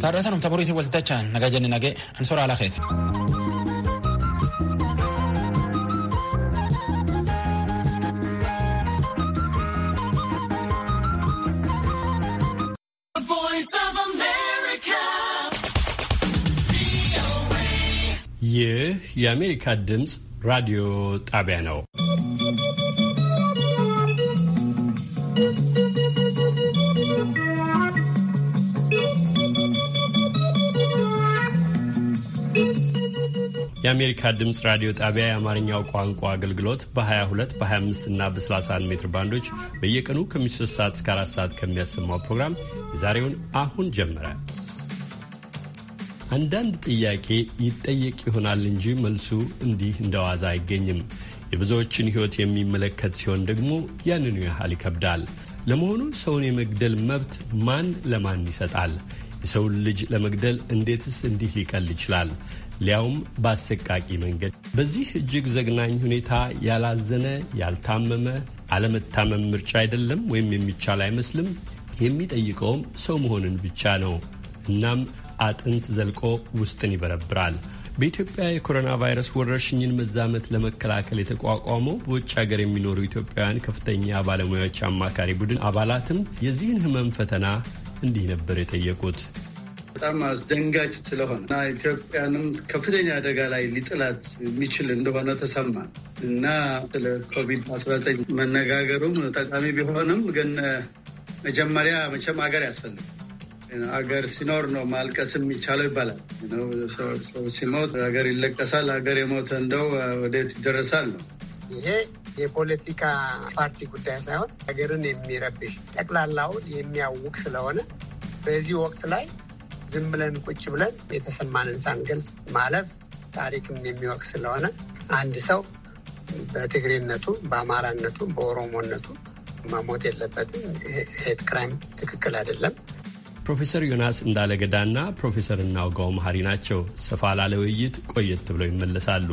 Taaddataan Amtaburiitiin walitti dachaan nagaa jenni nagee ansoora alaa keeti. ይህ የአሜሪካ ድምፅ ራዲዮ ጣቢያ ነው። የአሜሪካ ድምፅ ራዲዮ ጣቢያ የአማርኛው ቋንቋ አገልግሎት በ22 በ25 እና በ31 ሜትር ባንዶች በየቀኑ ከ3 ሰዓት እስከ 4 ሰዓት ከሚያሰማው ፕሮግራም የዛሬውን አሁን ጀመረ። አንዳንድ ጥያቄ ይጠየቅ ይሆናል እንጂ መልሱ እንዲህ እንደ ዋዛ አይገኝም። የብዙዎችን ሕይወት የሚመለከት ሲሆን ደግሞ ያንኑ ያህል ይከብዳል። ለመሆኑ ሰውን የመግደል መብት ማን ለማን ይሰጣል? የሰውን ልጅ ለመግደል እንዴትስ እንዲህ ሊቀል ይችላል? ሊያውም በአሰቃቂ መንገድ። በዚህ እጅግ ዘግናኝ ሁኔታ ያላዘነ ያልታመመ አለመታመም ምርጫ አይደለም ወይም የሚቻል አይመስልም። የሚጠይቀውም ሰው መሆንን ብቻ ነው። እናም አጥንት ዘልቆ ውስጥን ይበረብራል። በኢትዮጵያ የኮሮና ቫይረስ ወረርሽኝን መዛመት ለመከላከል የተቋቋመው በውጭ ሀገር የሚኖሩ ኢትዮጵያውያን ከፍተኛ ባለሙያዎች አማካሪ ቡድን አባላትም የዚህን ህመም ፈተና እንዲህ ነበር የጠየቁት። በጣም አስደንጋጭ ስለሆነ እና ኢትዮጵያንም ከፍተኛ አደጋ ላይ ሊጥላት የሚችል እንደሆነ ተሰማ እና ስለ ኮቪድ 19 መነጋገሩም ጠቃሚ ቢሆንም ግን መጀመሪያ መቼም ሀገር ያስፈልጋል። ሀገር ሲኖር ነው ማልቀስ የሚቻለው ይባላል። ሰው ሲሞት ሀገር ይለቀሳል። ሀገር የሞተ እንደው ወዴት ይደረሳል ነው ይሄ የፖለቲካ ፓርቲ ጉዳይ ሳይሆን ሀገርን የሚረብሽ ጠቅላላውን የሚያውቅ ስለሆነ በዚህ ወቅት ላይ ዝም ብለን ቁጭ ብለን የተሰማንን ሳንገልጽ ማለፍ ታሪክም የሚወቅ ስለሆነ አንድ ሰው በትግሬነቱ፣ በአማራነቱ፣ በኦሮሞነቱ መሞት የለበትም። ሄት ክራይም ትክክል አይደለም። ፕሮፌሰር ዮናስ እንዳለገዳና ፕሮፌሰር እናውጋው መሀሪ ናቸው። ሰፋ ላለ ውይይት ቆየት ብለው ይመለሳሉ።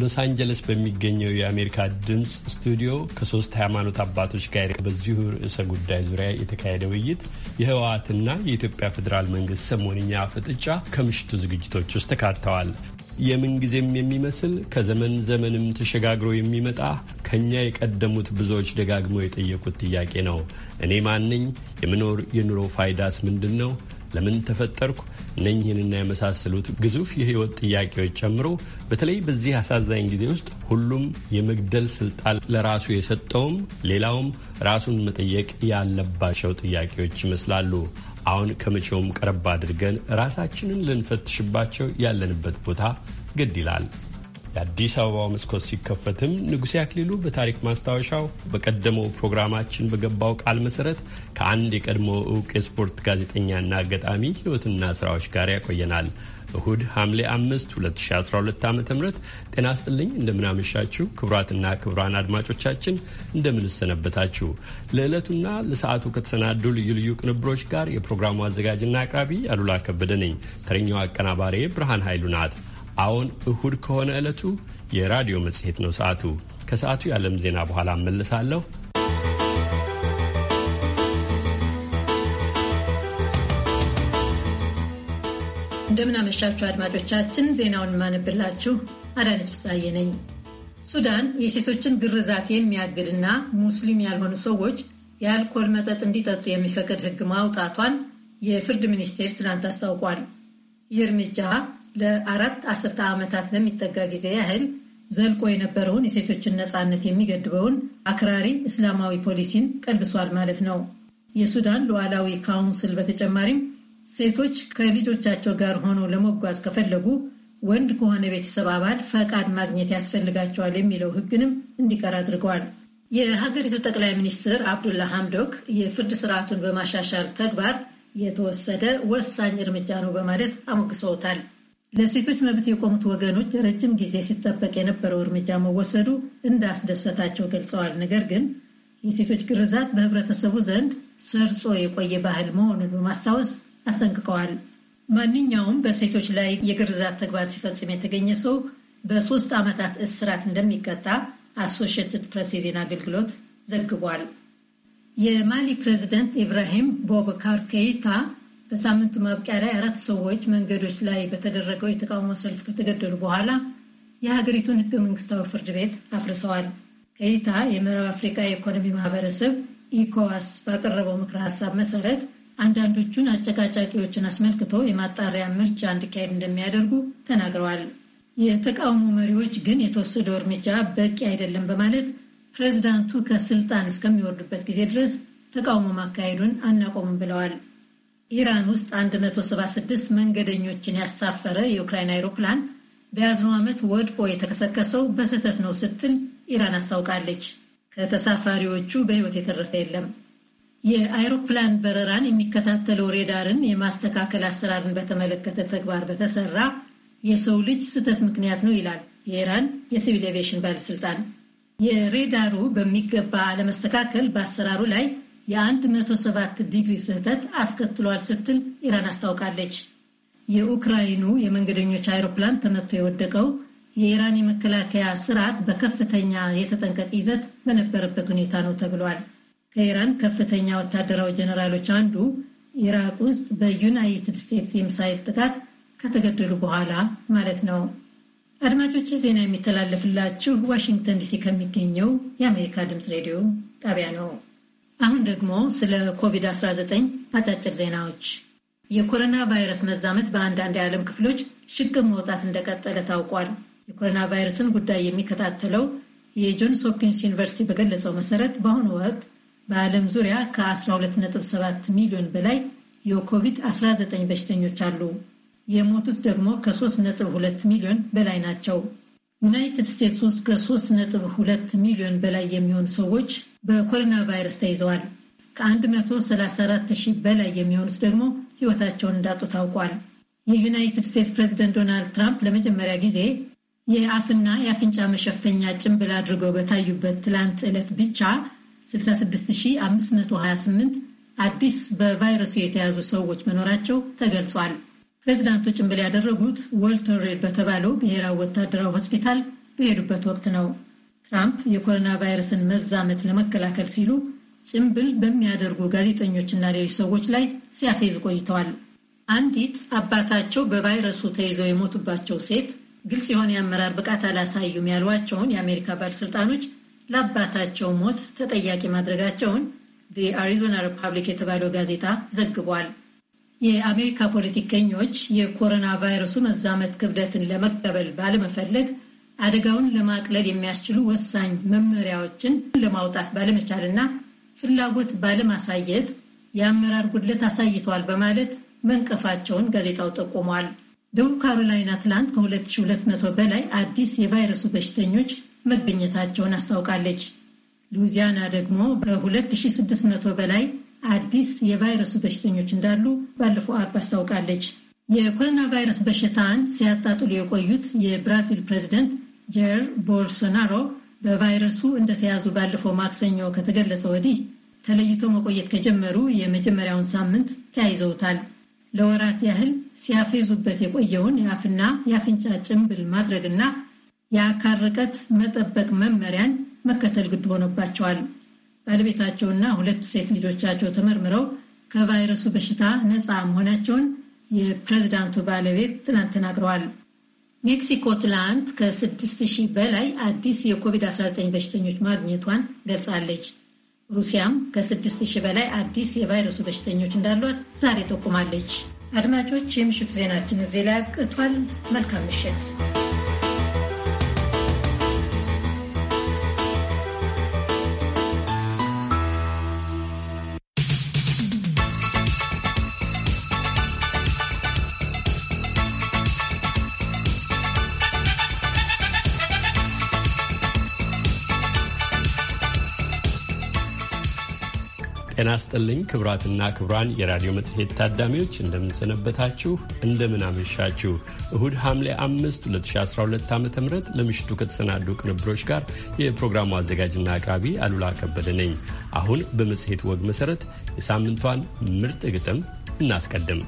ሎስ አንጀለስ በሚገኘው የአሜሪካ ድምፅ ስቱዲዮ ከሶስት ሃይማኖት አባቶች ጋር በዚሁ ርዕሰ ጉዳይ ዙሪያ የተካሄደ ውይይት የህወሓትና የኢትዮጵያ ፌዴራል መንግስት ሰሞንኛ ፍጥጫ ከምሽቱ ዝግጅቶች ውስጥ ተካተዋል። የምንጊዜም የሚመስል ከዘመን ዘመንም ተሸጋግሮ የሚመጣ ከእኛ የቀደሙት ብዙዎች ደጋግመው የጠየቁት ጥያቄ ነው። እኔ ማንኝ? የምኖር የኑሮ ፋይዳስ ምንድን ነው? ለምን ተፈጠርኩ፣ እነኝህንና የመሳሰሉት ግዙፍ የህይወት ጥያቄዎች ጨምሮ በተለይ በዚህ አሳዛኝ ጊዜ ውስጥ ሁሉም የመግደል ስልጣን ለራሱ የሰጠውም ሌላውም ራሱን መጠየቅ ያለባቸው ጥያቄዎች ይመስላሉ። አሁን ከመቼውም ቀረብ አድርገን ራሳችንን ልንፈትሽባቸው ያለንበት ቦታ ግድ ይላል። የአዲስ አበባው መስኮት ሲከፈትም ንጉሴ አክሊሉ በታሪክ ማስታወሻው በቀደመው ፕሮግራማችን በገባው ቃል መሰረት ከአንድ የቀድሞ እውቅ የስፖርት ጋዜጠኛና ገጣሚ ሕይወትና ስራዎች ጋር ያቆየናል። እሁድ ሐምሌ 5 2012 ዓ ም ጤና ስጥልኝ። እንደምናመሻችሁ ክቡራትና ክቡራን አድማጮቻችን እንደምንሰነበታችሁ። ለዕለቱና ለሰዓቱ ከተሰናዱ ልዩ ልዩ ቅንብሮች ጋር የፕሮግራሙ አዘጋጅና አቅራቢ አሉላ ከበደ ነኝ። ተረኛው አቀናባሪ ብርሃን ኃይሉ ናት። አሁን እሁድ ከሆነ ዕለቱ የራዲዮ መጽሔት ነው ሰዓቱ። ከሰዓቱ የዓለም ዜና በኋላ እመልሳለሁ። እንደምናመሻችሁ አድማጮቻችን፣ ዜናውን የማነብላችሁ አዳነች ፍሳዬ ነኝ። ሱዳን የሴቶችን ግርዛት የሚያግድና ሙስሊም ያልሆኑ ሰዎች የአልኮል መጠጥ እንዲጠጡ የሚፈቅድ ሕግ ማውጣቷን የፍርድ ሚኒስቴር ትናንት አስታውቋል። ይህ እርምጃ ለአራት አስርተ ዓመታት ለሚጠጋ ጊዜ ያህል ዘልቆ የነበረውን የሴቶችን ነፃነት የሚገድበውን አክራሪ እስላማዊ ፖሊሲን ቀልብሷል ማለት ነው። የሱዳን ሉዓላዊ ካውንስል በተጨማሪም ሴቶች ከልጆቻቸው ጋር ሆነው ለመጓዝ ከፈለጉ ወንድ ከሆነ ቤተሰብ አባል ፈቃድ ማግኘት ያስፈልጋቸዋል የሚለው ሕግንም እንዲቀር አድርገዋል። የሀገሪቱ ጠቅላይ ሚኒስትር አብዱላ ሐምዶክ የፍርድ ስርዓቱን በማሻሻል ተግባር የተወሰደ ወሳኝ እርምጃ ነው በማለት አሞግሰውታል። ለሴቶች መብት የቆሙት ወገኖች ለረጅም ጊዜ ሲጠበቅ የነበረው እርምጃ መወሰዱ እንዳስደሰታቸው ገልጸዋል። ነገር ግን የሴቶች ግርዛት በህብረተሰቡ ዘንድ ሰርጾ የቆየ ባህል መሆኑን በማስታወስ አስጠንቅቀዋል። ማንኛውም በሴቶች ላይ የግርዛት ተግባር ሲፈጽም የተገኘ ሰው በሶስት ዓመታት እስራት እንደሚቀጣ አሶሺየትድ ፕሬስ የዜና አገልግሎት ዘግቧል። የማሊ ፕሬዚደንት ኢብራሂም ቦብካር ከይታ። በሳምንቱ ማብቂያ ላይ አራት ሰዎች መንገዶች ላይ በተደረገው የተቃውሞ ሰልፍ ከተገደሉ በኋላ የሀገሪቱን ህገ መንግስታዊ ፍርድ ቤት አፍርሰዋል። ከይታ የምዕራብ አፍሪካ የኢኮኖሚ ማህበረሰብ ኢኮዋስ ባቀረበው ምክረ ሀሳብ መሰረት አንዳንዶቹን አጨቃጫቂዎችን አስመልክቶ የማጣሪያ ምርጫ እንዲካሄድ እንደሚያደርጉ ተናግረዋል። የተቃውሞ መሪዎች ግን የተወሰደው እርምጃ በቂ አይደለም በማለት ፕሬዚዳንቱ ከስልጣን እስከሚወርዱበት ጊዜ ድረስ ተቃውሞ ማካሄዱን አናቆምም ብለዋል። ኢራን ውስጥ 176 መንገደኞችን ያሳፈረ የዩክራይን አይሮፕላን በያዝነው ዓመት ወድቆ የተከሰከሰው በስህተት ነው ስትል ኢራን አስታውቃለች። ከተሳፋሪዎቹ በሕይወት የተረፈ የለም። የአይሮፕላን በረራን የሚከታተለው ሬዳርን የማስተካከል አሰራርን በተመለከተ ተግባር በተሰራ የሰው ልጅ ስህተት ምክንያት ነው ይላል የኢራን የሲቪል ኤቪዬሽን ባለስልጣን። የሬዳሩ በሚገባ አለመስተካከል በአሰራሩ ላይ የ107 ዲግሪ ስህተት አስከትሏል ስትል ኢራን አስታውቃለች። የኡክራይኑ የመንገደኞች አይሮፕላን ተመቶ የወደቀው የኢራን የመከላከያ ስርዓት በከፍተኛ የተጠንቀቅ ይዘት በነበረበት ሁኔታ ነው ተብሏል። ከኢራን ከፍተኛ ወታደራዊ ጀነራሎች አንዱ ኢራቅ ውስጥ በዩናይትድ ስቴትስ የሚሳይል ጥቃት ከተገደሉ በኋላ ማለት ነው። አድማጮች ዜና የሚተላለፍላችሁ ዋሽንግተን ዲሲ ከሚገኘው የአሜሪካ ድምፅ ሬዲዮ ጣቢያ ነው። አሁን ደግሞ ስለ ኮቪድ-19 አጫጭር ዜናዎች። የኮሮና ቫይረስ መዛመት በአንዳንድ የዓለም ክፍሎች ሽቅብ መውጣት እንደቀጠለ ታውቋል። የኮሮና ቫይረስን ጉዳይ የሚከታተለው የጆንስ ሆፕኪንስ ዩኒቨርሲቲ በገለጸው መሰረት በአሁኑ ወቅት በዓለም ዙሪያ ከ12.7 ሚሊዮን በላይ የኮቪድ-19 በሽተኞች አሉ። የሞቱት ደግሞ ከ3.2 ሚሊዮን በላይ ናቸው። ዩናይትድ ስቴትስ ውስጥ ከ3.2 ሚሊዮን በላይ የሚሆኑ ሰዎች በኮሮና ቫይረስ ተይዘዋል። ከ134 ሺህ በላይ የሚሆኑት ደግሞ ሕይወታቸውን እንዳጡ ታውቋል። የዩናይትድ ስቴትስ ፕሬዚደንት ዶናልድ ትራምፕ ለመጀመሪያ ጊዜ የአፍና የአፍንጫ መሸፈኛ ጭንብል አድርገው በታዩበት ትላንት ዕለት ብቻ 66528 አዲስ በቫይረሱ የተያዙ ሰዎች መኖራቸው ተገልጿል። ፕሬዚዳንቱ ጭንብል ያደረጉት ወልተር ሬድ በተባለው ብሔራዊ ወታደራዊ ሆስፒታል በሄዱበት ወቅት ነው። ትራምፕ የኮሮና ቫይረስን መዛመት ለመከላከል ሲሉ ጭምብል በሚያደርጉ ጋዜጠኞችና ሌሎች ሰዎች ላይ ሲያፌዙ ቆይተዋል። አንዲት አባታቸው በቫይረሱ ተይዘው የሞቱባቸው ሴት ግልጽ የሆነ የአመራር ብቃት አላሳዩም ያሏቸውን የአሜሪካ ባለስልጣኖች ለአባታቸው ሞት ተጠያቂ ማድረጋቸውን አሪዞና ሪፐብሊክ የተባለው ጋዜጣ ዘግቧል። የአሜሪካ ፖለቲከኞች የኮሮና ቫይረሱ መዛመት ክብደትን ለመቀበል ባለመፈለግ አደጋውን ለማቅለል የሚያስችሉ ወሳኝ መመሪያዎችን ለማውጣት ባለመቻልና ፍላጎት ባለማሳየት የአመራር ጉድለት አሳይተዋል በማለት መንቀፋቸውን ጋዜጣው ጠቁሟል። ደቡብ ካሮላይና ትላንት ከ2200 በላይ አዲስ የቫይረሱ በሽተኞች መገኘታቸውን አስታውቃለች። ሉዚያና ደግሞ በ2600 በላይ አዲስ የቫይረሱ በሽተኞች እንዳሉ ባለፈው አርብ አስታውቃለች። የኮሮና ቫይረስ በሽታን ሲያጣጥሉ የቆዩት የብራዚል ፕሬዚደንት ጄር ቦልሶናሮ በቫይረሱ እንደተያዙ ባለፈው ማክሰኞ ከተገለጸ ወዲህ ተለይቶ መቆየት ከጀመሩ የመጀመሪያውን ሳምንት ተያይዘውታል። ለወራት ያህል ሲያፌዙበት የቆየውን የአፍና የአፍንጫ ጭንብል ማድረግና የአካል ርቀት መጠበቅ መመሪያን መከተል ግድ ሆኖባቸዋል። ባለቤታቸውና ሁለት ሴት ልጆቻቸው ተመርምረው ከቫይረሱ በሽታ ነፃ መሆናቸውን የፕሬዚዳንቱ ባለቤት ትናንት ተናግረዋል። ሜክሲኮ ትላንት ከስድስት ሺህ በላይ አዲስ የኮቪድ-19 በሽተኞች ማግኘቷን ገልጻለች። ሩሲያም ከ6000 በላይ አዲስ የቫይረሱ በሽተኞች እንዳሏት ዛሬ ጠቁማለች። አድማጮች፣ የምሽቱ ዜናችን እዚህ ላይ አብቅቷል። መልካም ምሽት። ጤና ይስጥልኝ ክቡራትና ክቡራን የራዲዮ መጽሔት ታዳሚዎች እንደምንሰነበታችሁ፣ እንደምን አመሻችሁ። እሁድ ሐምሌ 5 2012 ዓ ም ለምሽቱ ከተሰናዱ ቅንብሮች ጋር የፕሮግራሙ አዘጋጅና አቅራቢ አሉላ ከበደ ነኝ። አሁን በመጽሔት ወግ መሠረት የሳምንቷን ምርጥ ግጥም እናስቀድም።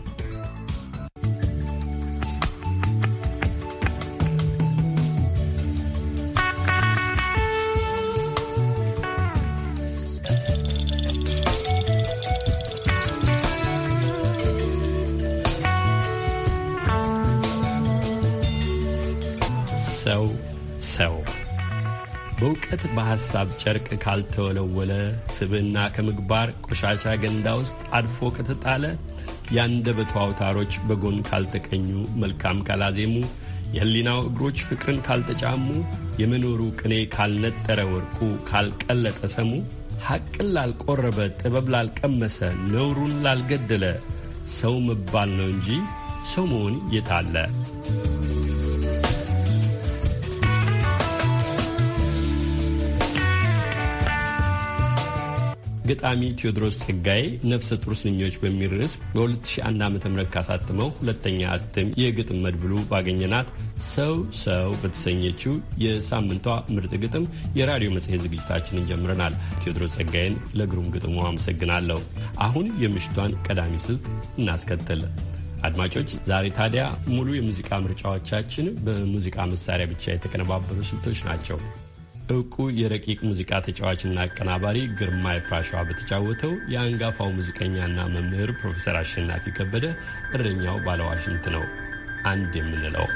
የሐሳብ ጨርቅ ካልተወለወለ፣ ስብዕና ከምግባር ቆሻሻ ገንዳ ውስጥ አድፎ ከተጣለ፣ የአንደበቱ አውታሮች በጎን ካልተቀኙ፣ መልካም ካላዜሙ፣ የህሊናው እግሮች ፍቅርን ካልተጫሙ፣ የመኖሩ ቅኔ ካልነጠረ፣ ወርቁ ካልቀለጠ ሰሙ፣ ሐቅን ላልቆረበ፣ ጥበብ ላልቀመሰ፣ ነውሩን ላልገደለ ሰው መባል ነው እንጂ ሰው መሆን የታለ? ገጣሚ ቴዎድሮስ ጸጋዬ ነፍሰ ጡር ስንኞች በሚል ርዕስ በ2001 ዓ ም ካሳተመው ሁለተኛ እትም የግጥም መድብሉ ባገኘናት ሰው ሰው በተሰኘችው የሳምንቷ ምርጥ ግጥም የራዲዮ መጽሔት ዝግጅታችንን ጀምረናል። ቴዎድሮስ ጸጋዬን ለግሩም ግጥሙ አመሰግናለሁ። አሁን የምሽቷን ቀዳሚ ስልት እናስከትል። አድማጮች ዛሬ ታዲያ ሙሉ የሙዚቃ ምርጫዎቻችን በሙዚቃ መሳሪያ ብቻ የተቀነባበሩ ስልቶች ናቸው። እውቁ የረቂቅ ሙዚቃ ተጫዋችና አቀናባሪ ግርማ የፍራሸዋ በተጫወተው የአንጋፋው ሙዚቀኛና መምህር ፕሮፌሰር አሸናፊ ከበደ እረኛው ባለዋሽንት ነው አንድ የምንለው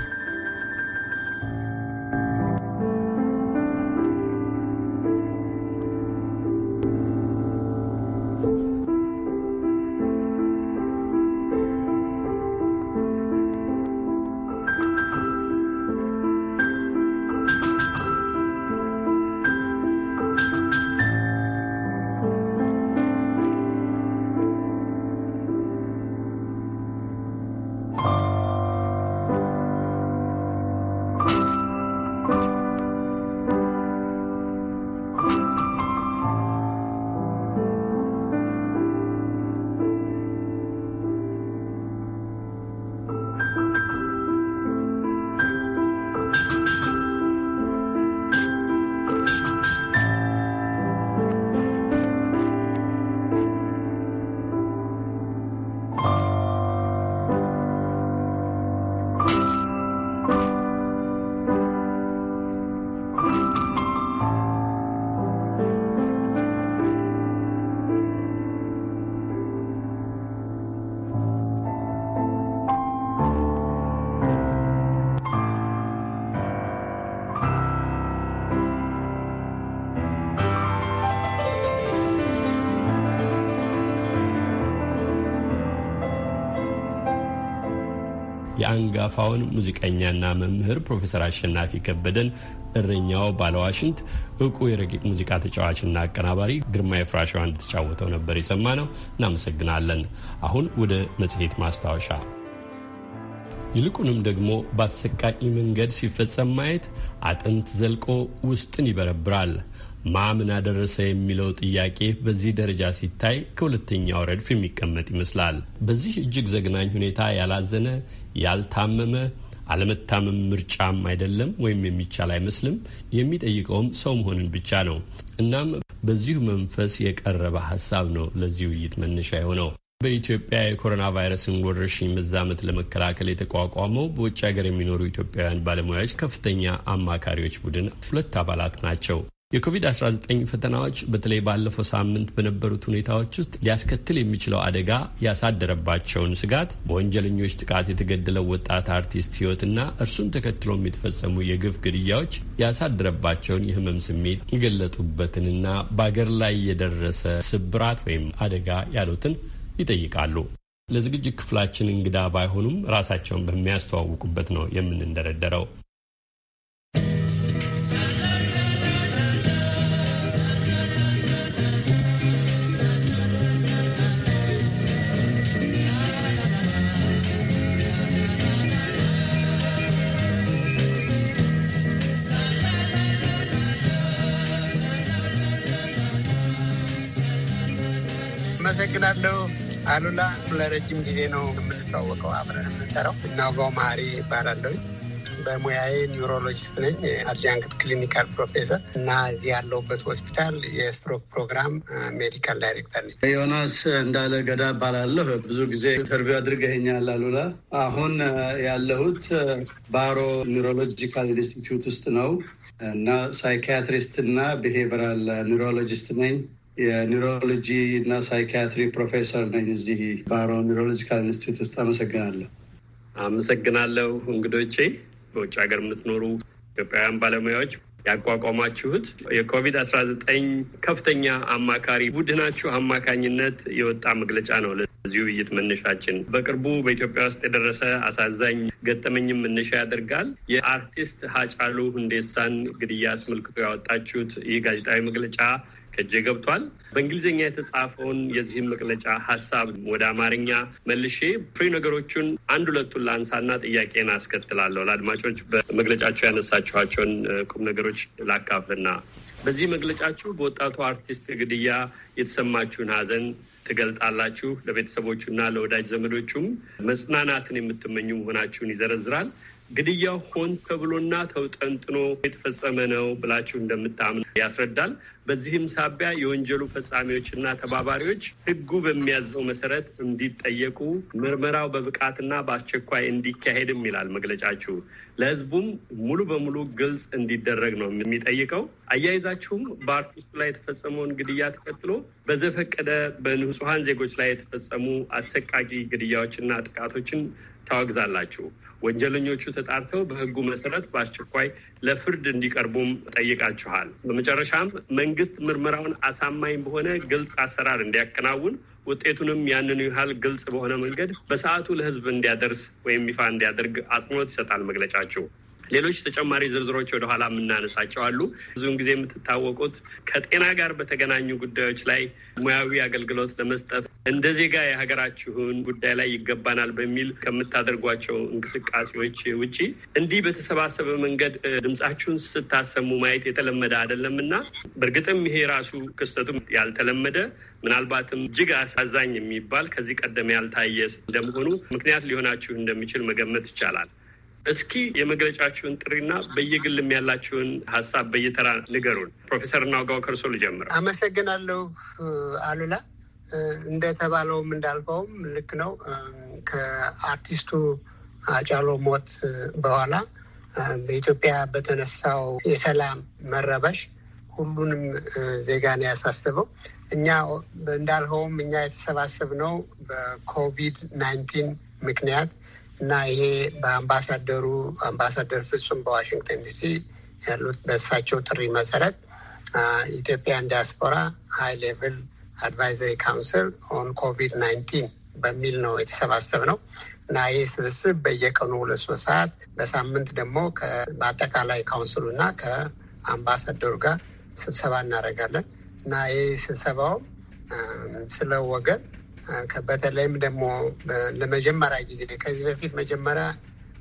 አንጋፋውን ሙዚቀኛና መምህር ፕሮፌሰር አሸናፊ ከበደን እረኛው ባለዋሽንት እውቁ የረቂቅ ሙዚቃ ተጫዋችና አቀናባሪ ግርማ የፍራሸዋ እንደተጫወተው ነበር የሰማ ነው። እናመሰግናለን። አሁን ወደ መጽሔት ማስታወሻ ይልቁንም ደግሞ በአሰቃቂ መንገድ ሲፈጸም ማየት አጥንት ዘልቆ ውስጥን ይበረብራል። ማምን አደረሰ የሚለው ጥያቄ በዚህ ደረጃ ሲታይ ከሁለተኛው ረድፍ የሚቀመጥ ይመስላል። በዚህ እጅግ ዘግናኝ ሁኔታ ያላዘነ ያልታመመ አለመታመም ምርጫም አይደለም ወይም የሚቻል አይመስልም። የሚጠይቀውም ሰው መሆንን ብቻ ነው። እናም በዚሁ መንፈስ የቀረበ ሀሳብ ነው ለዚህ ውይይት መነሻ የሆነው። በኢትዮጵያ የኮሮና ቫይረስን ወረርሽኝ መዛመት ለመከላከል የተቋቋመው በውጭ ሀገር የሚኖሩ ኢትዮጵያውያን ባለሙያዎች ከፍተኛ አማካሪዎች ቡድን ሁለት አባላት ናቸው። የኮቪድ-19 ፈተናዎች በተለይ ባለፈው ሳምንት በነበሩት ሁኔታዎች ውስጥ ሊያስከትል የሚችለው አደጋ ያሳደረባቸውን ስጋት፣ በወንጀለኞች ጥቃት የተገደለው ወጣት አርቲስት ና እርሱን ተከትሎም የተፈጸሙ የግፍ ግድያዎች ያሳደረባቸውን የህመም ስሜት የገለጡበትንና በአገር ላይ የደረሰ ስብራት ወይም አደጋ ያሉትን ይጠይቃሉ። ለዝግጅት ክፍላችን እንግዳ ባይሆኑም ራሳቸውን በሚያስተዋውቁበት ነው የምንደረደረው። አመሰግናለሁ። አሉላ ለረጅም ጊዜ ነው የምንታወቀው፣ አብረን የምንሰራው። እናውጋው መሀሪ ይባላለሁ። በሙያዬ ኒውሮሎጂስት ነኝ፣ አድጃንክት ክሊኒካል ፕሮፌሰር እና እዚህ ያለሁበት ሆስፒታል የስትሮክ ፕሮግራም ሜዲካል ዳይሬክተር ነኝ። ዮናስ እንዳለ ገዳ እባላለሁ። ብዙ ጊዜ ኢንተርቪው አድርገኛል አሉላ። አሁን ያለሁት ባሮ ኒውሮሎጂካል ኢንስቲትዩት ውስጥ ነው እና ሳይኪያትሪስት እና ብሄቨራል ኒውሮሎጂስት ነኝ። የኒውሮሎጂ እና ሳይኪያትሪ ፕሮፌሰር ነኝ እዚህ ባሮ ኒውሮሎጂካል ኢንስቲትዩት ውስጥ አመሰግናለሁ። አመሰግናለሁ እንግዶቼ በውጭ ሀገር የምትኖሩ ኢትዮጵያውያን ባለሙያዎች ያቋቋማችሁት የኮቪድ አስራ ዘጠኝ ከፍተኛ አማካሪ ቡድናችሁ አማካኝነት የወጣ መግለጫ ነው። ለዚሁ ውይይት መነሻችን በቅርቡ በኢትዮጵያ ውስጥ የደረሰ አሳዛኝ ገጠመኝም መነሻ ያደርጋል። የአርቲስት ሀጫሉ ሁንዴሳን ግድያ አስመልክቶ ያወጣችሁት ይህ ጋዜጣዊ መግለጫ ቅጅ ገብቷል። በእንግሊዝኛ የተጻፈውን የዚህን መቅለጫ ሀሳብ ወደ አማርኛ መልሼ ፍሬ ነገሮቹን አንድ ሁለቱን ላንሳና ጥያቄን አስከትላለሁ። ለአድማጮች በመግለጫቸው ያነሳችኋቸውን ቁም ነገሮች ላካፍልና በዚህ መግለጫችሁ በወጣቱ አርቲስት ግድያ የተሰማችሁን ሀዘን ትገልጣላችሁ። ለቤተሰቦቹና ለወዳጅ ዘመዶቹም መጽናናትን የምትመኙ መሆናችሁን ይዘረዝራል። ግድያው ሆን ተብሎና ተውጠንጥኖ የተፈጸመ ነው ብላችሁ እንደምታምን ያስረዳል። በዚህም ሳቢያ የወንጀሉ ፈጻሚዎችና ተባባሪዎች ሕጉ በሚያዘው መሰረት እንዲጠየቁ ምርመራው በብቃትና በአስቸኳይ እንዲካሄድም ይላል መግለጫችሁ። ለሕዝቡም ሙሉ በሙሉ ግልጽ እንዲደረግ ነው የሚጠይቀው። አያይዛችሁም በአርቲስቱ ላይ የተፈጸመውን ግድያ ተከትሎ በዘፈቀደ በንጹሐን ዜጎች ላይ የተፈጸሙ አሰቃቂ ግድያዎችና ጥቃቶችን ታወግዛላችሁ። ወንጀለኞቹ ተጣርተው በሕጉ መሰረት በአስቸኳይ ለፍርድ እንዲቀርቡም ጠይቃችኋል። በመጨረሻም መንግስት ምርመራውን አሳማኝ በሆነ ግልጽ አሰራር እንዲያከናውን ውጤቱንም ያንኑ ያህል ግልጽ በሆነ መንገድ በሰዓቱ ለሕዝብ እንዲያደርስ ወይም ይፋ እንዲያደርግ አጽንኦት ይሰጣል መግለጫችሁ። ሌሎች ተጨማሪ ዝርዝሮች ወደኋላ የምናነሳቸው አሉ። ብዙውን ጊዜ የምትታወቁት ከጤና ጋር በተገናኙ ጉዳዮች ላይ ሙያዊ አገልግሎት ለመስጠት እንደ ዜጋ የሀገራችሁን ጉዳይ ላይ ይገባናል በሚል ከምታደርጓቸው እንቅስቃሴዎች ውጪ እንዲህ በተሰባሰበ መንገድ ድምፃችሁን ስታሰሙ ማየት የተለመደ አይደለም እና በእርግጥም ይሄ ራሱ ክስተቱም ያልተለመደ ምናልባትም እጅግ አሳዛኝ የሚባል ከዚህ ቀደም ያልታየ እንደመሆኑ ምክንያት ሊሆናችሁ እንደሚችል መገመት ይቻላል። እስኪ የመግለጫችሁን ጥሪና በየግልም ያላችሁን ሀሳብ በየተራ ንገሩን። ፕሮፌሰር እናውጋው ከእርሶ ልጀምር። አመሰግናለሁ አሉላ። እንደተባለውም እንዳልከውም ልክ ነው። ከአርቲስቱ አጫሎ ሞት በኋላ በኢትዮጵያ በተነሳው የሰላም መረበሽ ሁሉንም ዜጋ ነው ያሳስበው። እኛ እንዳልከውም እኛ የተሰባሰብነው በኮቪድ ናይንቲን ምክንያት እና ይሄ በአምባሳደሩ አምባሳደር ፍጹም በዋሽንግተን ዲሲ ያሉት በእሳቸው ጥሪ መሰረት ኢትዮጵያን ዲያስፖራ ሃይ ሌቭል አድቫይዘሪ ካውንስል ኦን ኮቪድ ናይንቲን በሚል ነው የተሰባሰብ ነው እና ይህ ስብስብ በየቀኑ ሁለት ሶስት ሰዓት በሳምንት ደግሞ በአጠቃላይ ካውንስሉ እና ከአምባሳደሩ ጋር ስብሰባ እናደርጋለን እና ይህ ስብሰባው ስለ ወገን በተለይም ደግሞ ለመጀመሪያ ጊዜ ከዚህ በፊት መጀመሪያ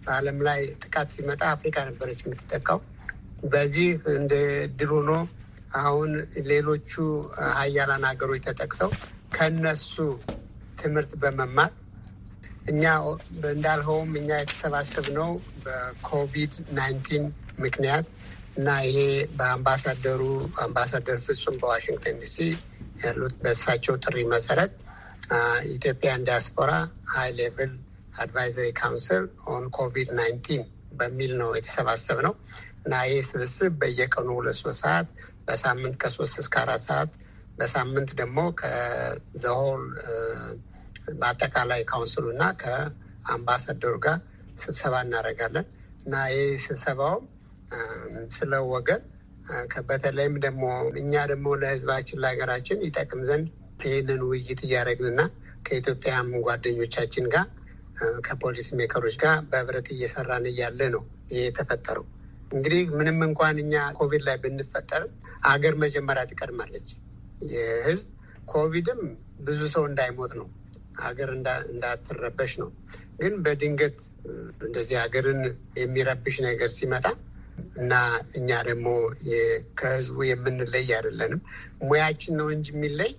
በዓለም ላይ ጥቃት ሲመጣ አፍሪካ ነበረች የምትጠቃው። በዚህ እንደ ድል ሆኖ አሁን ሌሎቹ ሀያላን ሀገሮች ተጠቅሰው ከነሱ ትምህርት በመማር እኛ እንዳልኸውም እኛ የተሰባሰብነው በኮቪድ ናይንቲን ምክንያት እና ይሄ በአምባሳደሩ አምባሳደር ፍጹም በዋሽንግተን ዲሲ ያሉት በእሳቸው ጥሪ መሰረት ኢትዮጵያን ዲያስፖራ ሀይ ሌቭል አድቫይዘሪ ካውንስል ኦን ኮቪድ ናይንቲን በሚል ነው የተሰባሰብ ነው እና ይህ ስብስብ በየቀኑ ሁለት ሶስት ሰዓት በሳምንት ከሶስት እስከ አራት ሰዓት በሳምንት ደግሞ ከዘሆል በአጠቃላይ ካውንስሉ እና ከአምባሳደሩ ጋር ስብሰባ እናደርጋለን እና ይህ ስብሰባውም ስለ ወገን በተለይም ደግሞ እኛ ደግሞ ለህዝባችን ለሀገራችን ይጠቅም ዘንድ ይህንን ውይይት እያደረግንና ከኢትዮጵያም ጓደኞቻችን ጋር ከፖሊስ ሜከሮች ጋር በህብረት እየሰራን እያለ ነው ይህ የተፈጠረው። እንግዲህ ምንም እንኳን እኛ ኮቪድ ላይ ብንፈጠርም አገር መጀመሪያ ትቀድማለች። የህዝብ ኮቪድም ብዙ ሰው እንዳይሞት ነው፣ ሀገር እንዳትረበሽ ነው። ግን በድንገት እንደዚህ ሀገርን የሚረብሽ ነገር ሲመጣ እና እኛ ደግሞ ከህዝቡ የምንለይ አይደለንም። ሙያችን ነው እንጂ የሚለይ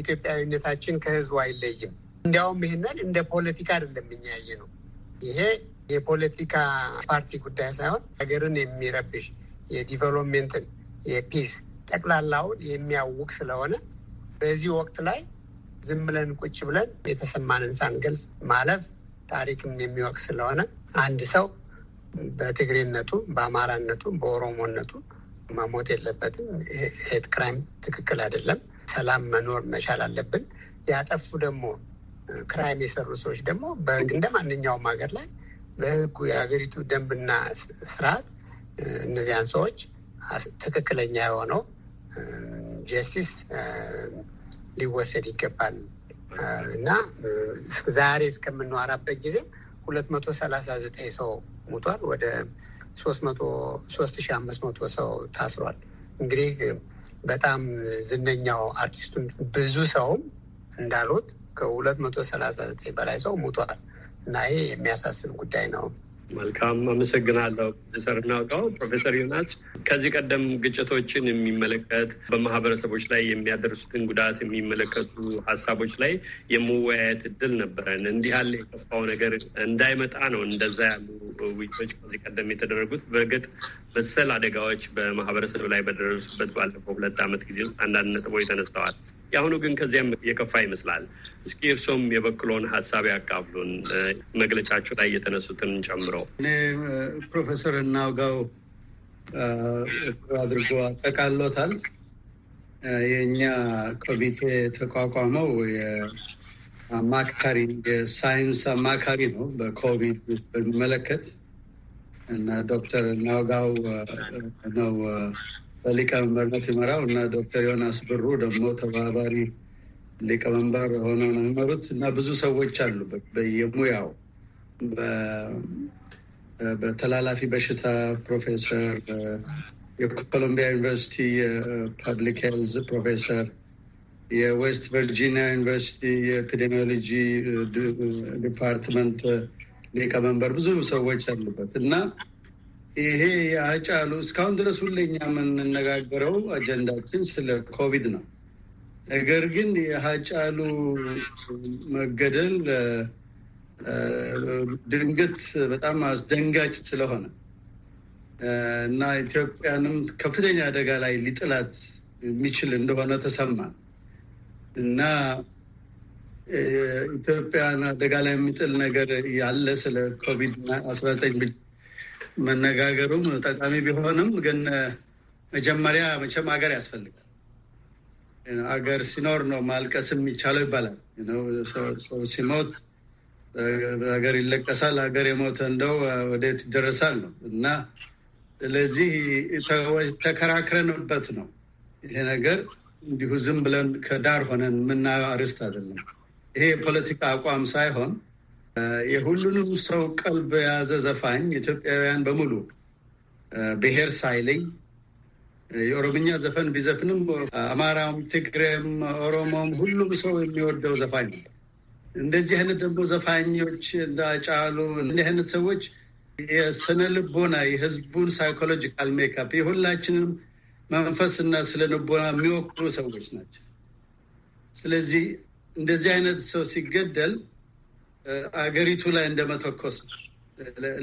ኢትዮጵያዊነታችን ከህዝቡ አይለይም። እንዲያውም ይህንን እንደ ፖለቲካ አይደለም እኛ ነው። ይሄ የፖለቲካ ፓርቲ ጉዳይ ሳይሆን ሀገርን የሚረብሽ የዲቨሎፕሜንትን፣ የፒስ ጠቅላላውን የሚያውቅ ስለሆነ በዚህ ወቅት ላይ ዝም ብለን ቁጭ ብለን የተሰማንን ሳንገልጽ ማለፍ ታሪክም የሚወቅ ስለሆነ አንድ ሰው በትግሬነቱ፣ በአማራነቱ፣ በኦሮሞነቱ መሞት የለበትም። ሄት ክራይም ትክክል አይደለም። ሰላም መኖር መቻል አለብን። ያጠፉ ደግሞ ክራይም የሰሩ ሰዎች ደግሞ እንደ ማንኛውም ሀገር ላይ በህጉ የሀገሪቱ ደንብና ስርዓት እነዚያን ሰዎች ትክክለኛ የሆነው ጀስቲስ ሊወሰድ ይገባል እና ዛሬ እስከምንዋራበት ጊዜ ሁለት መቶ ሰላሳ ዘጠኝ ሰው ሙቷል። ወደ ሶስት መቶ ሶስት ሺ አምስት መቶ ሰው ታስሯል። እንግዲህ በጣም ዝነኛው አርቲስቱን ብዙ ሰውም እንዳሉት ከሁለት መቶ ሰላሳ ዘጠኝ በላይ ሰው ሙቷል እና ይሄ የሚያሳስብ ጉዳይ ነው። መልካም አመሰግናለሁ ፕሮፌሰር እናውቀው። ፕሮፌሰር ዮናስ ከዚህ ቀደም ግጭቶችን የሚመለከት በማህበረሰቦች ላይ የሚያደርሱትን ጉዳት የሚመለከቱ ሀሳቦች ላይ የመወያየት እድል ነበረን። እንዲህ ያለ የከፋው ነገር እንዳይመጣ ነው እንደዛ ያሉ ውይይቶች ከዚህ ቀደም የተደረጉት። በእርግጥ መሰል አደጋዎች በማህበረሰብ ላይ በደረሱበት ባለፈው ሁለት አመት ጊዜ አንዳንድ ነጥቦች ተነስተዋል። የአሁኑ ግን ከዚያም የከፋ ይመስላል። እስኪ እርሶም የበኩሎን ሀሳብ ያካፍሉን፣ መግለጫቸው ላይ የተነሱትን ጨምሮ። እኔ ፕሮፌሰር እናውጋው አድርጎ አጠቃሎታል። የእኛ ኮሚቴ የተቋቋመው የአማካሪ የሳይንስ አማካሪ ነው በኮቪድ በሚመለከት እና ዶክተር እናውጋው ነው በሊቀመንበርነት ይመራው እና ዶክተር ዮናስ ብሩ ደግሞ ተባባሪ ሊቀመንበር ሆነ ነው የሚመሩት እና ብዙ ሰዎች አሉበት በየሙያው በተላላፊ በሽታ ፕሮፌሰር፣ የኮሎምቢያ ዩኒቨርሲቲ የፐብሊክ ሄልዝ ፕሮፌሰር፣ የዌስት ቨርጂኒያ ዩኒቨርሲቲ የኤፒዴሚዮሎጂ ዲፓርትመንት ሊቀመንበር ብዙ ሰዎች አሉበት እና ይሄ አጫሉ እስካሁን ድረስ ሁለኛ የምንነጋገረው አጀንዳችን ስለ ኮቪድ ነው። ነገር ግን የሀጫሉ መገደል ድንገት በጣም አስደንጋጭ ስለሆነ እና ኢትዮጵያንም ከፍተኛ አደጋ ላይ ሊጥላት የሚችል እንደሆነ ተሰማ እና ኢትዮጵያን አደጋ ላይ የሚጥል ነገር ያለ ስለ ኮቪድ አስራ ዘጠኝ መነጋገሩም ጠቃሚ ቢሆንም ግን መጀመሪያ መቼም ሀገር ያስፈልጋል። ሀገር ሲኖር ነው ማልቀስ የሚቻለው ይባላል። ሰው ሲሞት ሀገር ይለቀሳል። ሀገር የሞተ እንደው ወዴት ይደረሳል ነው እና ስለዚህ ተከራክረንበት ነው ይሄ ነገር እንዲሁ ዝም ብለን ከዳር ሆነን የምናየው አርዕስት አይደለም። ይሄ የፖለቲካ አቋም ሳይሆን የሁሉንም ሰው ቀልብ የያዘ ዘፋኝ ኢትዮጵያውያን በሙሉ ብሔር ሳይለይ የኦሮምኛ ዘፈን ቢዘፍንም አማራም፣ ትግሬም፣ ኦሮሞም ሁሉም ሰው የሚወደው ዘፋኝ ነው። እንደዚህ አይነት ደግሞ ዘፋኞች እንዳጫሉ እንዲህ አይነት ሰዎች የስነ ልቦና የህዝቡን ሳይኮሎጂካል ሜካፕ የሁላችንም መንፈስና ስነ ልቦና የሚወክሉ ሰዎች ናቸው። ስለዚህ እንደዚህ አይነት ሰው ሲገደል አገሪቱ ላይ እንደመተኮስ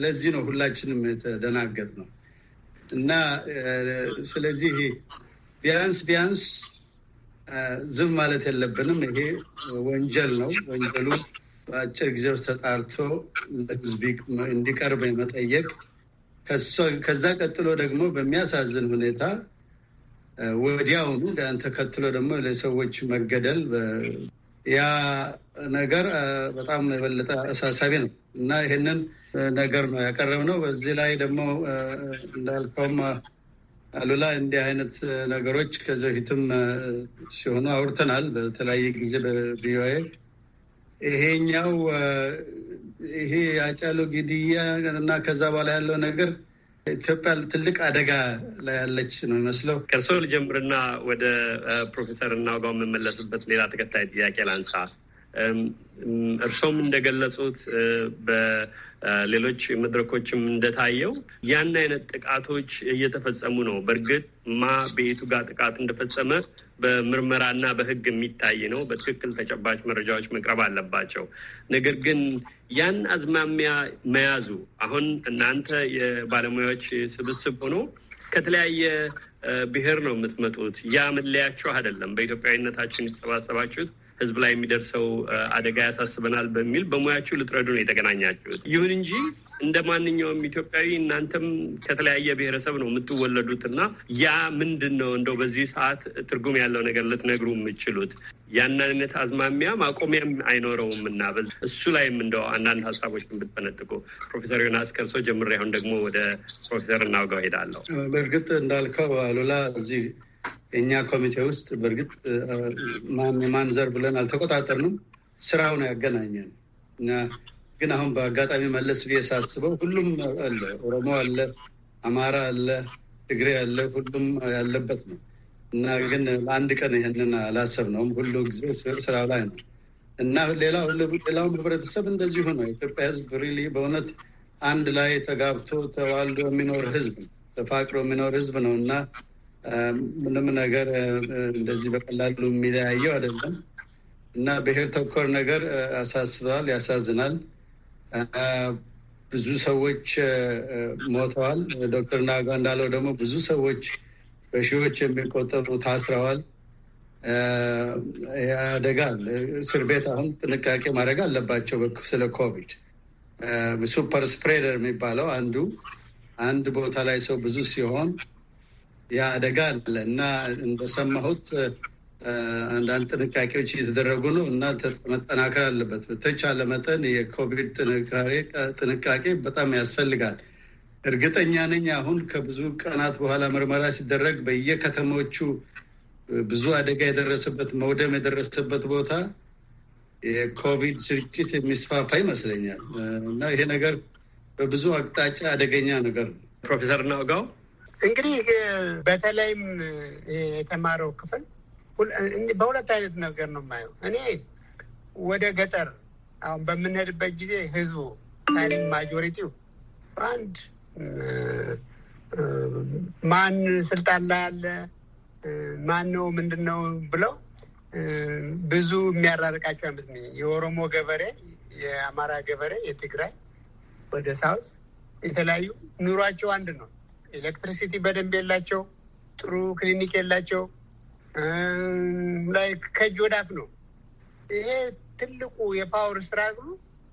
ለዚህ ነው ሁላችንም የተደናገጥ ነው እና ስለዚህ ቢያንስ ቢያንስ ዝም ማለት የለብንም። ይሄ ወንጀል ነው። ወንጀሉ በአጭር ጊዜ ውስጥ ተጣርቶ ለሕዝብ እንዲቀርብ የመጠየቅ ከዛ ቀጥሎ ደግሞ በሚያሳዝን ሁኔታ ወዲያውኑ ተከትሎ ደግሞ ለሰዎች መገደል ያ ነገር በጣም የበለጠ አሳሳቢ ነው እና ይህንን ነገር ነው ያቀረብ ነው። በዚህ ላይ ደግሞ እንዳልከውም አሉላ እንዲህ አይነት ነገሮች ከዚህ በፊትም ሲሆኑ አውርተናል በተለያየ ጊዜ በቪኦኤ። ይሄኛው ይሄ አጫሉ ግድያ እና ከዛ በኋላ ያለው ነገር ኢትዮጵያ ትልቅ አደጋ ላይ ያለች ነው ይመስለው። ከእርሶ ልጀምርና ወደ ፕሮፌሰር እናውጋው የምመለስበት ሌላ ተከታይ ጥያቄ ላንሳ። እርሶም እንደገለጹት ሌሎች መድረኮችም እንደታየው ያን አይነት ጥቃቶች እየተፈጸሙ ነው። በእርግጥ ማ በየቱ ጋር ጥቃት እንደፈጸመ በምርመራና በሕግ የሚታይ ነው። በትክክል ተጨባጭ መረጃዎች መቅረብ አለባቸው። ነገር ግን ያን አዝማሚያ መያዙ አሁን እናንተ የባለሙያዎች ስብስብ ሆኖ ከተለያየ ብሔር ነው የምትመጡት። ያ መለያችሁ አይደለም። በኢትዮጵያዊነታችን የተሰባሰባችሁት ህዝብ ላይ የሚደርሰው አደጋ ያሳስበናል በሚል በሙያችሁ ልትረዱ ነው የተገናኛችሁት። ይሁን እንጂ እንደ ማንኛውም ኢትዮጵያዊ እናንተም ከተለያየ ብሔረሰብ ነው የምትወለዱት እና ያ ምንድን ነው እንደው በዚህ ሰዓት ትርጉም ያለው ነገር ልትነግሩ የምችሉት? ያን አይነት አዝማሚያ ማቆሚያም አይኖረውም እና እሱ ላይም እንደው አንዳንድ ሀሳቦች ብትፈነጥቁ። ፕሮፌሰር ዮናስ ከርሶ ጀምሬ አሁን ደግሞ ወደ ፕሮፌሰር እናውጋው ሄዳለሁ። በእርግጥ እንዳልከው አሉላ እዚህ እኛ ኮሚቴ ውስጥ በእርግጥ የማን ዘር ብለን አልተቆጣጠርንም። ስራው ነው ያገናኘን እና ግን አሁን በአጋጣሚ መለስ ብዬ ሳስበው ሁሉም አለ፣ ኦሮሞ አለ፣ አማራ አለ፣ ትግሬ አለ፣ ሁሉም ያለበት ነው እና ግን ለአንድ ቀን ይህንን አላሰብነውም። ሁሉ ጊዜ ስራ ላይ ነው እና ሌላው ሌላውም ህብረተሰብ እንደዚሁ ነው። የኢትዮጵያ ህዝብ ሪሊ በእውነት አንድ ላይ ተጋብቶ ተዋልዶ የሚኖር ህዝብ ተፋቅሮ የሚኖር ህዝብ ነው እና ምንም ነገር እንደዚህ በቀላሉ የሚለያየው አይደለም እና ብሔር ተኮር ነገር አሳስበዋል፣ ያሳዝናል። ብዙ ሰዎች ሞተዋል። ዶክተር ናጋ እንዳለው ደግሞ ብዙ ሰዎች በሺዎች የሚቆጠሩ ታስረዋል። አደጋ እስር ቤት አሁን ጥንቃቄ ማድረግ አለባቸው። ስለ ኮቪድ ሱፐር ስፕሬደር የሚባለው አንዱ አንድ ቦታ ላይ ሰው ብዙ ሲሆን ያ አደጋ አለ እና እንደሰማሁት አንዳንድ ጥንቃቄዎች እየተደረጉ ነው እና መጠናከር አለበት። በተቻለ መጠን የኮቪድ ጥንቃቄ በጣም ያስፈልጋል። እርግጠኛ ነኝ አሁን ከብዙ ቀናት በኋላ ምርመራ ሲደረግ በየከተሞቹ ብዙ አደጋ የደረሰበት መውደም የደረሰበት ቦታ የኮቪድ ስርጭት የሚስፋፋ ይመስለኛል እና ይሄ ነገር በብዙ አቅጣጫ አደገኛ ነገር ነው። ፕሮፌሰር ናውጋው እንግዲህ በተለይም የተማረው ክፍል በሁለት አይነት ነገር ነው የማየው። እኔ ወደ ገጠር አሁን በምንሄድበት ጊዜ ህዝቡ ሳይለንት ማጆሪቲው አንድ ማን ስልጣን ላይ አለ ማን ነው ምንድን ነው ብለው ብዙ የሚያራርቃቸው አይመስለኝ። የኦሮሞ ገበሬ፣ የአማራ ገበሬ፣ የትግራይ ወደ ሳውስ የተለያዩ ኑሯቸው አንድ ነው። ኤሌክትሪሲቲ በደንብ የላቸው፣ ጥሩ ክሊኒክ የላቸው። ላይ ከእጅ ወዳፍ ነው። ይሄ ትልቁ የፓወር ስራ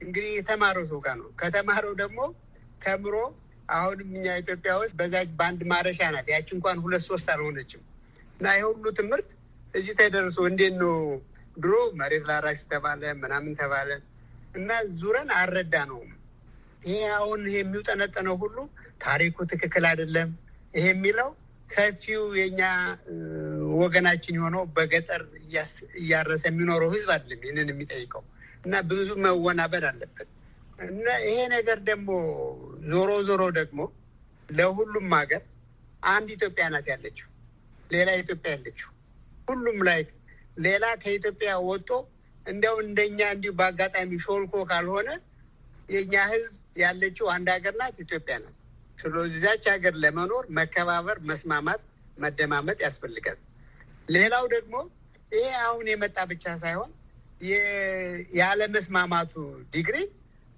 እንግዲህ የተማረው ሰው ጋር ነው። ከተማረው ደግሞ ተምሮ አሁንም እኛ ኢትዮጵያ ውስጥ በዛች በአንድ ማረሻ ናት። ያች እንኳን ሁለት ሶስት አልሆነችም። እና ይሄ ሁሉ ትምህርት እዚህ ተደርሶ እንዴት ነው ድሮ መሬት ላራሽ ተባለ ምናምን ተባለ እና ዙረን አልረዳ ነውም ይሄ አሁን ይሄ የሚውጠነጠነው ሁሉ ታሪኩ ትክክል አይደለም። ይሄ የሚለው ሰፊው የኛ ወገናችን የሆነው በገጠር እያረሰ የሚኖረው ህዝብ አይደለም ይህንን የሚጠይቀው እና ብዙ መወናበድ አለበት እና ይሄ ነገር ደግሞ ዞሮ ዞሮ ደግሞ ለሁሉም ሀገር አንድ ኢትዮጵያ ናት ያለችው፣ ሌላ ኢትዮጵያ ያለችው ሁሉም ላይ ሌላ ከኢትዮጵያ ወጦ እንዲያው እንደኛ እንዲሁ በአጋጣሚ ሾልኮ ካልሆነ የእኛ ህዝብ ያለችው አንድ ሀገር ናት፣ ኢትዮጵያ ናት። ስለዚያች ሀገር ለመኖር መከባበር፣ መስማማት፣ መደማመጥ ያስፈልጋል። ሌላው ደግሞ ይሄ አሁን የመጣ ብቻ ሳይሆን ያለመስማማቱ ዲግሪ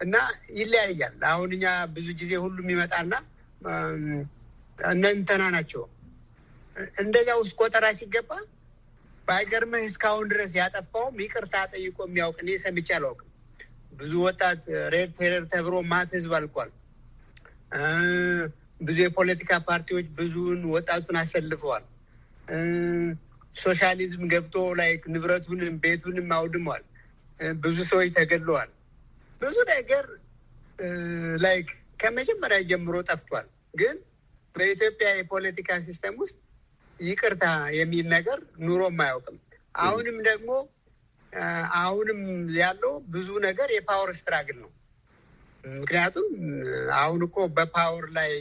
እና ይለያያል። አሁን እኛ ብዙ ጊዜ ሁሉም ይመጣና እነ እንትና ናቸው እንደዚያ ውስጥ ቆጠራ ሲገባ ባይገርምህ እስካሁን ድረስ ያጠፋውም ይቅርታ ጠይቆ የሚያውቅ እኔ ሰምቼ አላውቅም። ብዙ ወጣት ሬድ ቴረር ተብሎ ማት ህዝብ አልቋል። ብዙ የፖለቲካ ፓርቲዎች ብዙውን ወጣቱን አሰልፈዋል። ሶሻሊዝም ገብቶ ላይክ ንብረቱንም ቤቱንም አውድሟል። ብዙ ሰዎች ተገድለዋል። ብዙ ነገር ላይክ ከመጀመሪያ ጀምሮ ጠፍቷል። ግን በኢትዮጵያ የፖለቲካ ሲስተም ውስጥ ይቅርታ የሚል ነገር ኑሮም አያውቅም። አሁንም ደግሞ አሁንም ያለው ብዙ ነገር የፓወር ስትራግል ነው። ምክንያቱም አሁን እኮ በፓወር ላይ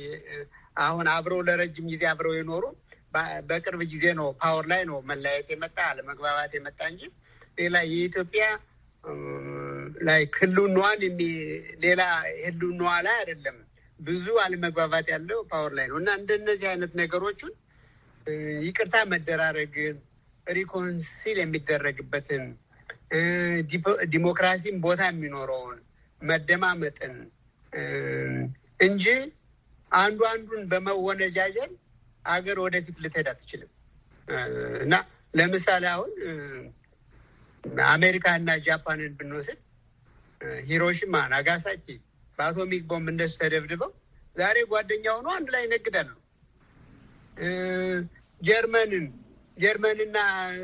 አሁን አብረው ለረጅም ጊዜ አብረው የኖሩ በቅርብ ጊዜ ነው ፓወር ላይ ነው መለያየት የመጣ አለመግባባት የመጣ እንጂ ሌላ የኢትዮጵያ ላይ ህልውናዋን ሌላ ህልውናዋ ላይ አይደለም። ብዙ አለመግባባት ያለው ፓወር ላይ ነው እና እንደነዚህ አይነት ነገሮችን ይቅርታ መደራረግን ሪኮንሲል የሚደረግበትን ዲሞክራሲን ቦታ የሚኖረውን መደማመጥን እንጂ አንዱ አንዱን በመወነጃጀል አገር ወደፊት ልትሄድ አትችልም። እና ለምሳሌ አሁን አሜሪካ እና ጃፓንን ብንወስድ ሂሮሽማ፣ ናጋሳኪ በአቶሚክ ቦምብ እንደሱ ተደብድበው ዛሬ ጓደኛ ሆኖ አንድ ላይ ይነግዳሉ። ጀርመንን ጀርመንና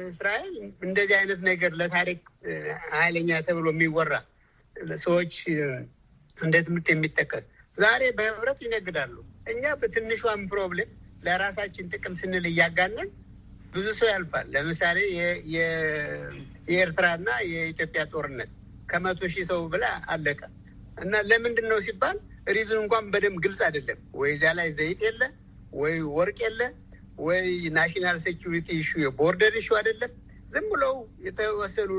እስራኤል እንደዚህ አይነት ነገር ለታሪክ ኃይለኛ ተብሎ የሚወራ ሰዎች እንደ ትምህርት የሚጠቀስ ዛሬ በህብረት ይነግዳሉ። እኛ በትንሿም ፕሮብሌም ለራሳችን ጥቅም ስንል እያጋነን ብዙ ሰው ያልፋል። ለምሳሌ የኤርትራና የኢትዮጵያ ጦርነት ከመቶ ሺህ ሰው ብላ አለቀ እና ለምንድን ነው ሲባል ሪዝን እንኳን በደንብ ግልጽ አይደለም። ወይ እዚያ ላይ ዘይት የለ ወይ ወርቅ የለ ወይ ናሽናል ሴኪሪቲ ኢሹ የቦርደር ኢሹ አይደለም። ዝም ብለው የተወሰኑ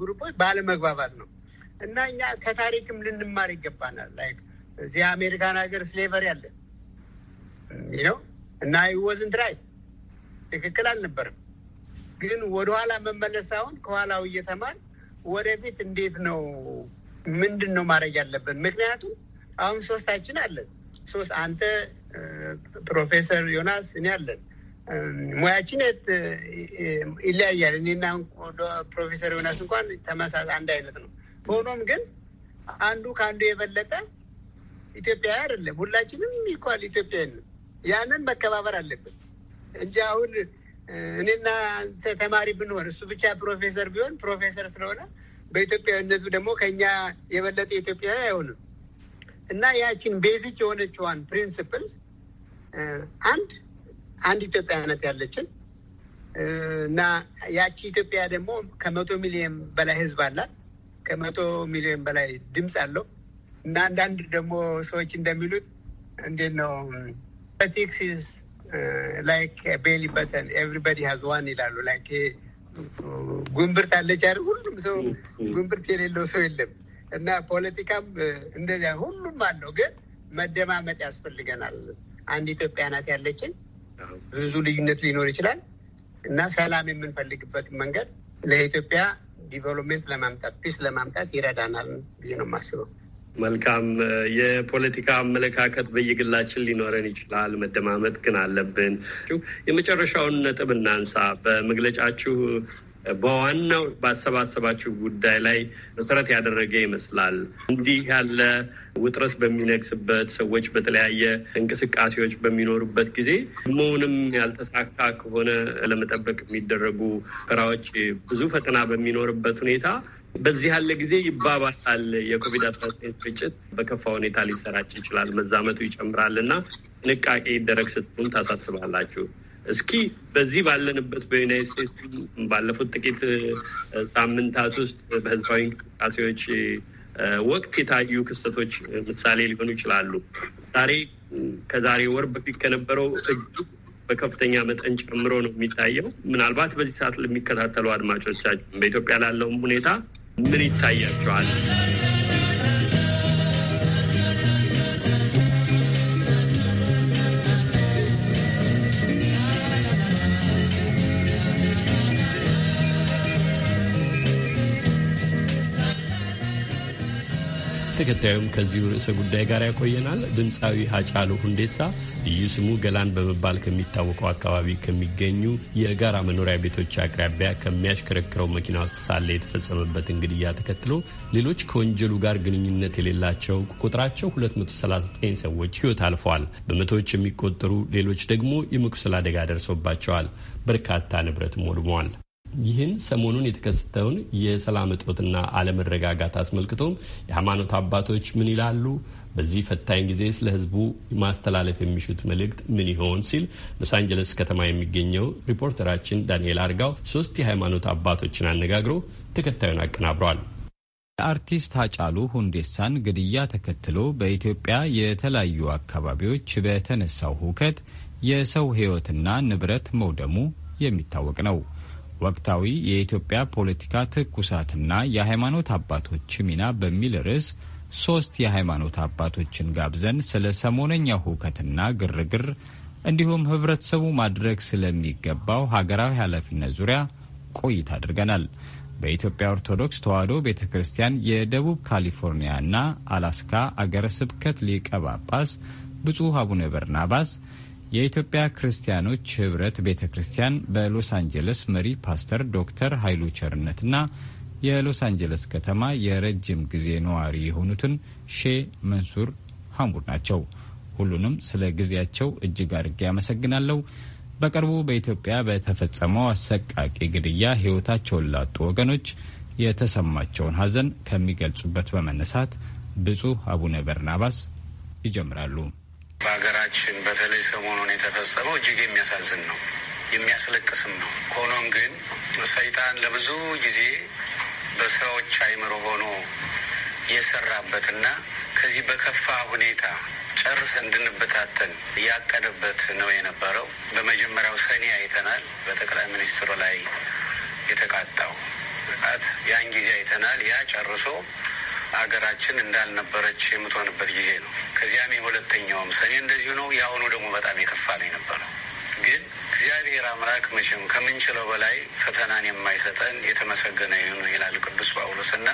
ግሩፖች uh, ባለመግባባት ነው እና እኛ ከታሪክም ልንማር ይገባናል። ላይክ እዚህ አሜሪካን ሀገር ስሌቨሪ አለ ነው እና ይወዝንት ራይት ትክክል አልነበርም። ግን ወደኋላ መመለስ ሳይሆን ከኋላው እየተማር ወደፊት እንዴት ነው ምንድን ነው ማድረግ ያለብን? ምክንያቱም አሁን ሶስታችን አለን ሶስት አንተ ፕሮፌሰር ዮናስ እኔ አለን ሙያችን ይለያያል። እኔና ፕሮፌሰር ዮናስ እንኳን ተመሳሳይ አንድ አይነት ነው። ሆኖም ግን አንዱ ከአንዱ የበለጠ ኢትዮጵያዊ አይደለም። ሁላችንም ይኳል ኢትዮጵያዊ ያንን መከባበር አለብን እንጂ አሁን እኔና አንተ ተማሪ ብንሆን እሱ ብቻ ፕሮፌሰር ቢሆን ፕሮፌሰር ስለሆነ በኢትዮጵያዊነቱ ደግሞ ከኛ የበለጠ ኢትዮጵያዊ አይሆንም። እና ያችን ቤዚክ የሆነችዋን ፕሪንስፕልስ አንድ አንድ ኢትዮጵያነት ያለችን እና ያቺ ኢትዮጵያ ደግሞ ከመቶ ሚሊዮን በላይ ህዝብ አላት። ከመቶ ሚሊዮን በላይ ድምፅ አለው እና አንዳንድ ደግሞ ሰዎች እንደሚሉት እንዴት ነው ፖለቲክስ ላይክ ቤሊ በተን ኤቭሪባዲ ሀዝ ዋን ይላሉ። ላይክ ጉንብርት አለች አይደል? ሁሉም ሰው ጉንብርት የሌለው ሰው የለም። እና ፖለቲካም እንደዚያ ሁሉም አለው። ግን መደማመጥ ያስፈልገናል። አንድ ኢትዮጵያ ናት ያለችን። ብዙ ልዩነት ሊኖር ይችላል እና ሰላም የምንፈልግበት መንገድ ለኢትዮጵያ ዲቨሎፕመንት ለማምጣት ፒስ ለማምጣት ይረዳናል ብዬ ነው የማስበው። መልካም የፖለቲካ አመለካከት በየግላችን ሊኖረን ይችላል። መደማመጥ ግን አለብን። የመጨረሻውን ነጥብ እናንሳ። በመግለጫችሁ በዋናው ባሰባሰባቸው ጉዳይ ላይ መሰረት ያደረገ ይመስላል። እንዲህ ያለ ውጥረት በሚነግስበት ሰዎች በተለያየ እንቅስቃሴዎች በሚኖሩበት ጊዜ ህልሞውንም ያልተሳካ ከሆነ ለመጠበቅ የሚደረጉ ስራዎች ብዙ ፈተና በሚኖርበት ሁኔታ በዚህ ያለ ጊዜ ይባባሳል። የኮቪድ አስራ ዘጠኝ ስርጭት በከፋ ሁኔታ ሊሰራጭ ይችላል፣ መዛመቱ ይጨምራል እና ጥንቃቄ ይደረግ ስትሉን ታሳስባላችሁ። እስኪ በዚህ ባለንበት በዩናይት ስቴትስ ባለፉት ጥቂት ሳምንታት ውስጥ በህዝባዊ እንቅስቃሴዎች ወቅት የታዩ ክስተቶች ምሳሌ ሊሆኑ ይችላሉ። ዛሬ ከዛሬ ወር በፊት ከነበረው እጅግ በከፍተኛ መጠን ጨምሮ ነው የሚታየው። ምናልባት በዚህ ሰዓት ለሚከታተሉ አድማጮቻችን በኢትዮጵያ ላለውም ሁኔታ ምን ይታያቸዋል? ተከታዩም ከዚሁ ርዕሰ ጉዳይ ጋር ያቆየናል። ድምፃዊ ሀጫሉ ሁንዴሳ ልዩ ስሙ ገላን በመባል ከሚታወቀው አካባቢ ከሚገኙ የጋራ መኖሪያ ቤቶች አቅራቢያ ከሚያሽከረክረው መኪና ውስጥ ሳለ የተፈጸመበትን ግድያ ተከትሎ ሌሎች ከወንጀሉ ጋር ግንኙነት የሌላቸው ቁጥራቸው 239 ሰዎች ሕይወት አልፈዋል። በመቶዎች የሚቆጠሩ ሌሎች ደግሞ የመቁሰል አደጋ ደርሶባቸዋል። በርካታ ንብረትም ወድመዋል። ይህን ሰሞኑን የተከሰተውን የሰላም እጦትና አለመረጋጋት አስመልክቶም የሃይማኖት አባቶች ምን ይላሉ? በዚህ ፈታኝ ጊዜ ስለ ህዝቡ ማስተላለፍ የሚሹት መልእክት ምን ይሆን ሲል ሎስ አንጀለስ ከተማ የሚገኘው ሪፖርተራችን ዳንኤል አርጋው ሶስት የሃይማኖት አባቶችን አነጋግሮ ተከታዩን አቀናብሯል። የአርቲስት አጫሉ ሁንዴሳን ግድያ ተከትሎ በኢትዮጵያ የተለያዩ አካባቢዎች በተነሳው ሁከት የሰው ህይወትና ንብረት መውደሙ የሚታወቅ ነው። ወቅታዊ የኢትዮጵያ ፖለቲካ ትኩሳትና የሃይማኖት አባቶች ሚና በሚል ርዕስ ሶስት የሃይማኖት አባቶችን ጋብዘን ስለ ሰሞነኛ ሁከትና ግርግር እንዲሁም ህብረተሰቡ ማድረግ ስለሚገባው ሀገራዊ ኃላፊነት ዙሪያ ቆይታ አድርገናል። በኢትዮጵያ ኦርቶዶክስ ተዋሕዶ ቤተ ክርስቲያን የደቡብ ካሊፎርኒያና አላስካ አገረ ስብከት ሊቀ ጳጳስ ብፁዕ አቡነ በርናባስ የኢትዮጵያ ክርስቲያኖች ህብረት ቤተ ክርስቲያን በሎስ አንጀለስ መሪ ፓስተር ዶክተር ኃይሉ ቸርነትና የሎስ አንጀለስ ከተማ የረጅም ጊዜ ነዋሪ የሆኑትን ሼ መንሱር ሐሙድ ናቸው። ሁሉንም ስለ ጊዜያቸው እጅግ አድርጌ አመሰግናለሁ። በቅርቡ በኢትዮጵያ በተፈጸመው አሰቃቂ ግድያ ህይወታቸውን ላጡ ወገኖች የተሰማቸውን ሀዘን ከሚገልጹበት በመነሳት ብፁዕ አቡነ በርናባስ ይጀምራሉ። በሀገራችን በተለይ ሰሞኑን የተፈጸመው እጅግ የሚያሳዝን ነው፣ የሚያስለቅስም ነው። ሆኖም ግን ሰይጣን ለብዙ ጊዜ በሰዎች አይምሮ ሆኖ የሰራበትና ከዚህ በከፋ ሁኔታ ጨርስ እንድንበታተን እያቀደበት ነው የነበረው። በመጀመሪያው ሰኔ አይተናል፣ በጠቅላይ ሚኒስትሩ ላይ የተቃጣው ያን ጊዜ አይተናል። ያ ጨርሶ ሀገራችን እንዳልነበረች የምትሆንበት ጊዜ ነው። ከዚያም የሁለተኛውም ሰኔ እንደዚሁ ነው። የአሁኑ ደግሞ በጣም የከፋ ነው የነበረው። ግን እግዚአብሔር አምላክ መቼም ከምንችለው በላይ ፈተናን የማይሰጠን የተመሰገነ ይሁን ይላል ቅዱስ ጳውሎስ እና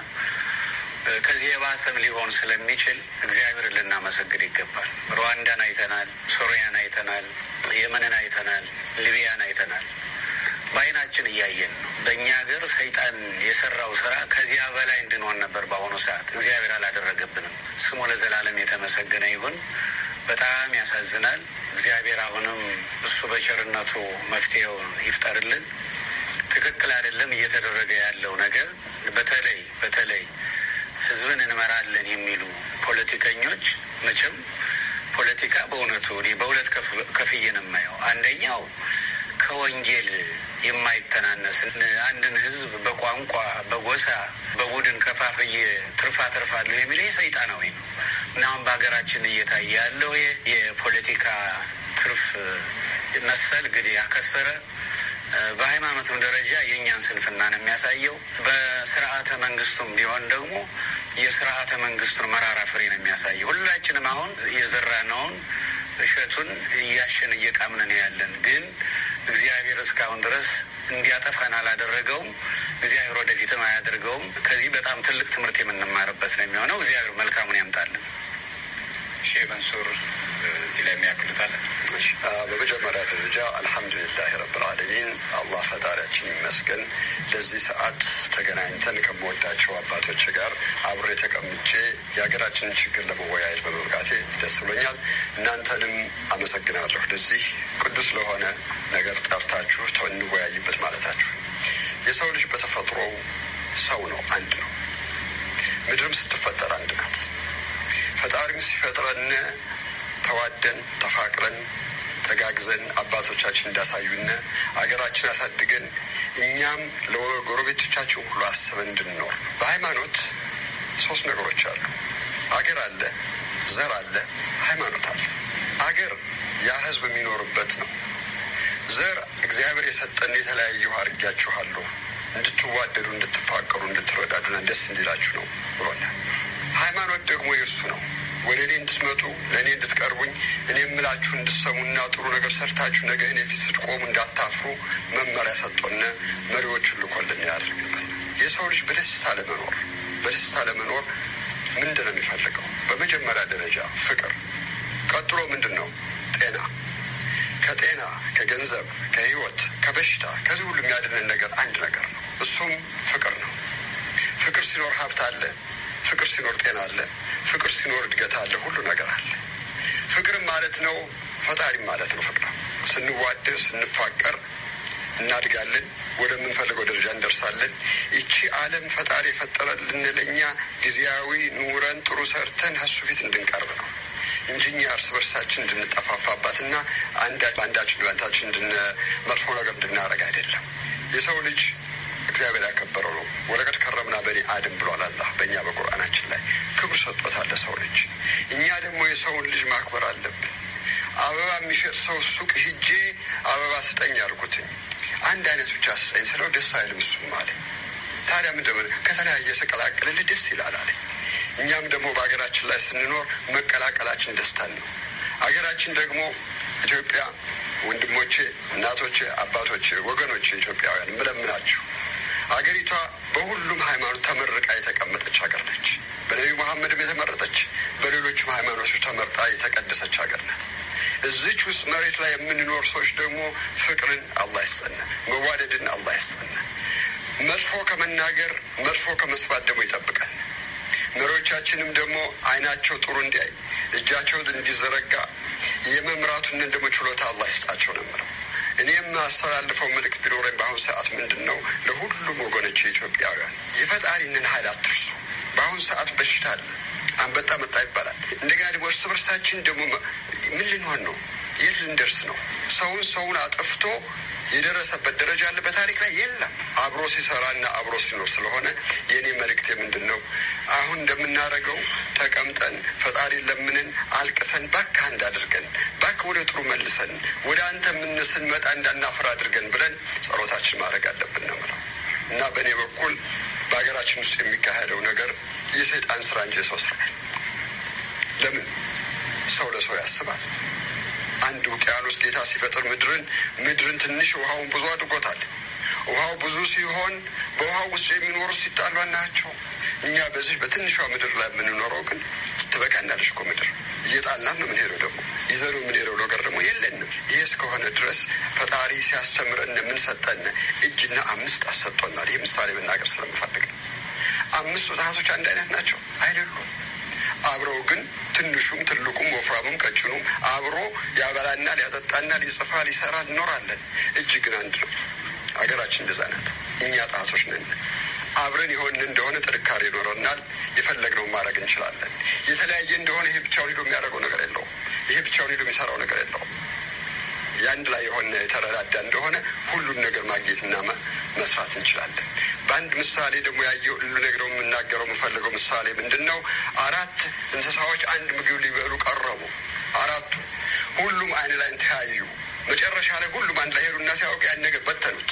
ከዚህ የባሰም ሊሆን ስለሚችል እግዚአብሔር ልናመሰግን ይገባል። ሩዋንዳን አይተናል፣ ሶሪያን አይተናል፣ የመንን አይተናል፣ ሊቢያን አይተናል። በአይናችን እያየን ነው። በእኛ ሀገር ሰይጣን የሰራው ስራ ከዚያ በላይ እንድንሆን ነበር። በአሁኑ ሰዓት እግዚአብሔር አላደረገብንም። ስሙ ለዘላለም የተመሰገነ ይሁን። በጣም ያሳዝናል። እግዚአብሔር አሁንም እሱ በቸርነቱ መፍትሄውን ይፍጠርልን። ትክክል አይደለም እየተደረገ ያለው ነገር። በተለይ በተለይ ህዝብን እንመራለን የሚሉ ፖለቲከኞች መቼም ፖለቲካ በእውነቱ በሁለት ከፍዬ ነው የማየው። አንደኛው ከወንጌል የማይተናነስን አንድን ህዝብ በቋንቋ በጎሳ በቡድን ከፋፍዬ ትርፋ ትርፋለሁ የሚል ሰይጣናዊ ነው እና አሁን በሀገራችን እየታየ ያለው የፖለቲካ ትርፍ መሰል ግድ ያከሰረ በሃይማኖትም ደረጃ የእኛን ስንፍና ነው የሚያሳየው። በስርዓተ መንግስቱም ቢሆን ደግሞ የስርዓተ መንግስቱን መራራ ፍሬ ነው የሚያሳየው። ሁላችንም አሁን የዘራነውን እሸቱን እያሸን እየቃምነን ያለን ግን እግዚአብሔር እስካሁን ድረስ እንዲያጠፋን አላደረገውም። እግዚአብሔር ወደፊትም አያደርገውም። ከዚህ በጣም ትልቅ ትምህርት የምንማርበት ነው የሚሆነው። እግዚአብሔር መልካሙን ያምጣልን። ሼህ መንሱር እዚህ ላይ የሚያክሉታል። በመጀመሪያ ደረጃ አልሐምዱሊላህ ረብልዓለሚን አላህ ፈጣሪያችን ይመስገን። ለዚህ ሰዓት ተገናኝተን ከምወዳቸው አባቶች ጋር አብሬ ተቀምጬ የሀገራችንን ችግር ለመወያየት በመብቃቴ ደስ ብሎኛል። እናንተንም አመሰግናለሁ ለዚህ ቅዱስ ለሆነ ነገር ጠርታችሁ እንወያይበት ማለታችሁ። የሰው ልጅ በተፈጥሮው ሰው ነው፣ አንድ ነው። ምድርም ስትፈጠር አንድ ናት። ፈጣሪም ሲፈጥረን ተዋደን ተፋቅረን ተጋግዘን አባቶቻችን እንዳሳዩነ አገራችን አሳድገን እኛም ለጎረቤቶቻችን ሁሉ አስበን እንድንኖር። በሃይማኖት ሶስት ነገሮች አሉ። አገር አለ፣ ዘር አለ፣ ሃይማኖት አለ። አገር ያ ህዝብ የሚኖርበት ነው። ዘር እግዚአብሔር የሰጠን የተለያዩ አድርጊያችኋለሁ እንድትዋደዱ፣ እንድትፋቀሩ፣ እንድትረዳዱና ደስ እንዲላችሁ ነው ብሎናል። ሃይማኖት ደግሞ የእሱ ነው። ወደ እኔ እንድትመጡ ለእኔ እንድትቀርቡኝ እኔ የምላችሁ እንድሰሙና ጥሩ ነገር ሰርታችሁ ነገ እኔ ፊት ስትቆሙ እንዳታፍሩ መመሪያ ሰጦነ መሪዎችን ልኮልን ያደርግናል። የሰው ልጅ በደስታ ለመኖር በደስታ ለመኖር ምንድን ነው የሚፈልገው? በመጀመሪያ ደረጃ ፍቅር፣ ቀጥሎ ምንድን ነው ጤና ከጤና ከገንዘብ ከህይወት ከበሽታ ከዚህ ሁሉ የሚያድንን ነገር አንድ ነገር ነው። እሱም ፍቅር ነው። ፍቅር ሲኖር ሀብት አለ፣ ፍቅር ሲኖር ጤና አለ። ፍቅር ሲኖር እድገት አለ። ሁሉ ነገር አለ። ፍቅር ማለት ነው፣ ፈጣሪ ማለት ነው። ፍቅር ስንዋደድ ስንፋቀር እናድጋለን፣ ወደምንፈልገው ደረጃ እንደርሳለን። ይቺ ዓለም ፈጣሪ የፈጠረልን ለእኛ ጊዜያዊ ኑረን ጥሩ ሰርተን እሱ ፊት እንድንቀርብ ነው እንጂ እኛ እርስ በርሳችን እንድንጠፋፋባትና አንዳችን በአንዳችን እንድንመጥፎ ነገር እንድናደርግ አይደለም። የሰው ልጅ እግዚአብሔር ያከበረው ነው። ወለቀድ ከረምና በኒ አድም ብሏል አላህ በእኛ በቁርአናችን ላይ ክብር ሰጥቶታል ለሰው ልጅ። እኛ ደግሞ የሰውን ልጅ ማክበር አለብን። አበባ የሚሸጥ ሰው ሱቅ ሂጄ አበባ ስጠኝ አልኩትኝ። አንድ አይነት ብቻ ስጠኝ ስለው ደስ አይልም እሱም አለ። ታዲያ ምን ከተለያየ ስቀላቅልልህ ደስ ይላል አለ። እኛም ደግሞ በሀገራችን ላይ ስንኖር መቀላቀላችን ደስታን ነው። ሀገራችን ደግሞ ኢትዮጵያ ወንድሞቼ፣ እናቶቼ፣ አባቶቼ፣ ወገኖቼ ኢትዮጵያውያን ምለምናችሁ ሀገሪቷ በሁሉም ሃይማኖት ተመርቃ የተቀመጠች ሀገር ነች። በነቢዩ መሐመድም የተመረጠች በሌሎችም ሃይማኖቶች ተመርጣ የተቀደሰች ሀገር ናት። እዚች ውስጥ መሬት ላይ የምንኖር ሰዎች ደግሞ ፍቅርን አላህ ያስጠነ፣ መዋደድን አላህ ያስጠነ። መጥፎ ከመናገር መጥፎ ከመስባት ደግሞ ይጠብቃል። መሪዎቻችንም ደግሞ አይናቸው ጥሩ እንዲያይ እጃቸው እንዲዘረጋ የመምራቱን ደግሞ ችሎታ አላህ ይስጣቸው ነው የምለው። እኔም አስተላልፈው መልእክት ቢኖረኝ በአሁኑ ሰዓት ምንድን ነው ለሁሉም ወገኖች ኢትዮጵያውያን የፈጣሪንን ኃይል አትርሱ። በአሁኑ ሰዓት በሽታ አለ፣ አንበጣ መጣ ይባላል። እንደገና ደግሞ እርስ በርሳችን ደግሞ ምን ልንሆን ነው? የት ልንደርስ ነው? ሰውን ሰውን አጠፍቶ የደረሰበት ደረጃ አለ በታሪክ ላይ የለም። አብሮ ሲሰራና አብሮ ሲኖር ስለሆነ የእኔ መልእክቴ ምንድን ነው? አሁን እንደምናደርገው ተቀምጠን ፈጣሪ ለምንን አልቅሰን ባክ አንድ አድርገን ባክ ወደ ጥሩ መልሰን ወደ አንተ ምንስን መጣ እንዳናፍር አድርገን ብለን ጸሎታችን ማድረግ አለብን ነው የምለው እና በእኔ በኩል በሀገራችን ውስጥ የሚካሄደው ነገር የሰይጣን ስራ እንጂ የሰው ስራ ለምን ሰው ለሰው ያስባል አንድ ውቅያኖስ ጌታ ሲፈጥር ምድርን ምድርን ትንሽ ውሃውን ብዙ አድርጎታል። ውሃው ብዙ ሲሆን በውሃው ውስጥ የሚኖሩ ሲጣሉ ናቸው። እኛ በዚህ በትንሿ ምድር ላይ የምንኖረው ግን ስትበቃናለች እኮ ምድር እየጣልናት ነው የምንሄደው። ደግሞ ይዘነው የምንሄደው ነገር ደግሞ የለንም። ይህ እስከሆነ ድረስ ፈጣሪ ሲያስተምረን የምንሰጠን እጅና አምስት አሰጥቶናል። ይህ ምሳሌ መናገር ስለምፈልግ አምስቱ ጣቶች አንድ አይነት ናቸው አይደሉም። አብረው ግን ትንሹም ትልቁም ወፍራሙም ቀጭኑም አብሮ ያበላናል፣ ያጠጣናል፣ ሊጽፋ ሊሰራ እኖራለን። እጅ ግን አንድ ነው። ሀገራችን እንደዛ ናት። እኛ ጣቶች ነን። አብረን የሆን እንደሆነ ጥንካሬ ይኖረናል። የፈለግነው ማድረግ እንችላለን። የተለያየ እንደሆነ ይሄ ብቻውን ሄዶ የሚያደርገው ነገር የለውም። ይሄ ብቻውን ሄዶ የሚሰራው ነገር የለውም። የአንድ ላይ የሆነ የተረዳዳ እንደሆነ ሁሉን ነገር ማግኘትና መስራት እንችላለን። በአንድ ምሳሌ ደግሞ ያየው ልነግረው የምናገረው የምፈልገው ምሳሌ ምንድን ነው? አራት እንስሳዎች አንድ ምግብ ሊበሉ ቀረቡ። አራቱ ሁሉም አይን ላይ ተያዩ። መጨረሻ ላይ ሁሉም አንድ ላይ ሄዱና ሲያውቅ ያን ነገር በተኑት።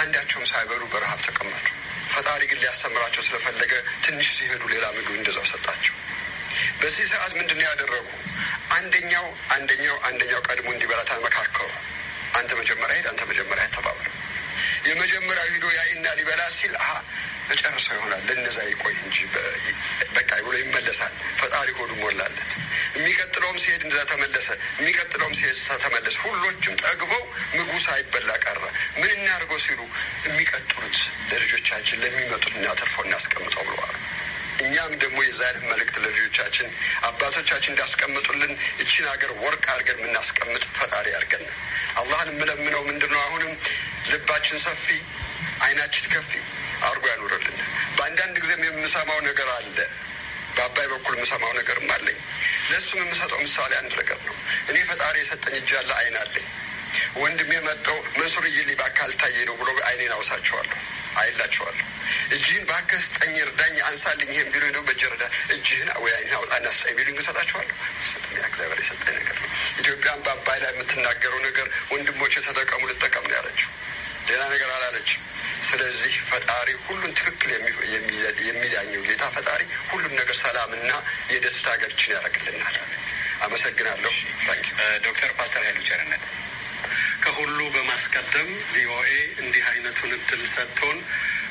አንዳቸውም ሳይበሉ በረሃብ ተቀመጡ። ፈጣሪ ግን ሊያስተምራቸው ስለፈለገ ትንሽ ሲሄዱ ሌላ ምግብ እንደዛው ሰጣቸው። በዚህ ሰዓት ምንድን ነው ያደረጉ? አንደኛው አንደኛው አንደኛው ቀድሞ እንዲበላ ተመካከሩ። አንተ መጀመሪያ ሄድ፣ አንተ መጀመሪያ ተባብሉ። የመጀመሪያው ሂዶ ያይና ሊበላ ሲል አ ተጨርሰው ይሆናል ለነዛ ይቆይ እንጂ በቃ ብሎ ይመለሳል። ፈጣሪ ሆዱ ሞላለት። የሚቀጥለውም ሲሄድ እንደዛ ተመለሰ። የሚቀጥለውም ሲሄድ ተመለሰ። ሁሎችም ጠግበው ምግቡ ሳይበላ ቀረ። ምን እናድርገው ሲሉ የሚቀጥሉት ለልጆቻችን ለሚመጡት እናተርፎ እናስቀምጠው ብለዋል። እኛም ደግሞ የዛሬ መልእክት ለልጆቻችን አባቶቻችን እንዳስቀምጡልን እችን ሀገር ወርቅ አድርገን የምናስቀምጥ ፈጣሪ አድርገን አላህን የምለምነው ምንድን ነው? አሁንም ልባችን ሰፊ አይናችን ከፊ አድርጎ ያኖረልን። በአንዳንድ ጊዜም የምሰማው ነገር አለ በአባይ በኩል የምሰማው ነገርም አለኝ። ለእሱም የምሰጠው ምሳሌ አንድ ነገር ነው። እኔ ፈጣሪ የሰጠኝ እጃለ አይን አለኝ ወንድም የመጣው መንሱርዬ በአካል ታየ ነው ብሎ አይኔን አውሳቸዋለሁ፣ አይላቸዋለሁ። እጅህን እባክህ ስጠኝ እርዳኝ፣ አንሳልኝ ይሄ ቢሉ ነው በጀረዳ እጅህን ወይ አይንህን አውጣና ስጠኝ ቢሉኝ እሰጣቸዋለሁ። እግዚአብሔር የሰጠኝ ነገር ነው። ኢትዮጵያን በአባይ ላይ የምትናገረው ነገር ወንድሞች የተጠቀሙ ልጠቀም ነው ያለችው፣ ሌላ ነገር አላለችም። ስለዚህ ፈጣሪ ሁሉን ትክክል የሚዳኘው ጌታ ፈጣሪ ሁሉም ነገር ሰላምና የደስታ ሀገርችን ያደርግልናል። አመሰግናለሁ። ዶክተር ፓስተር ኃይሉ ቸርነት ከሁሉ በማስቀደም ቪኦኤ እንዲህ አይነቱን እድል ሰጥቶን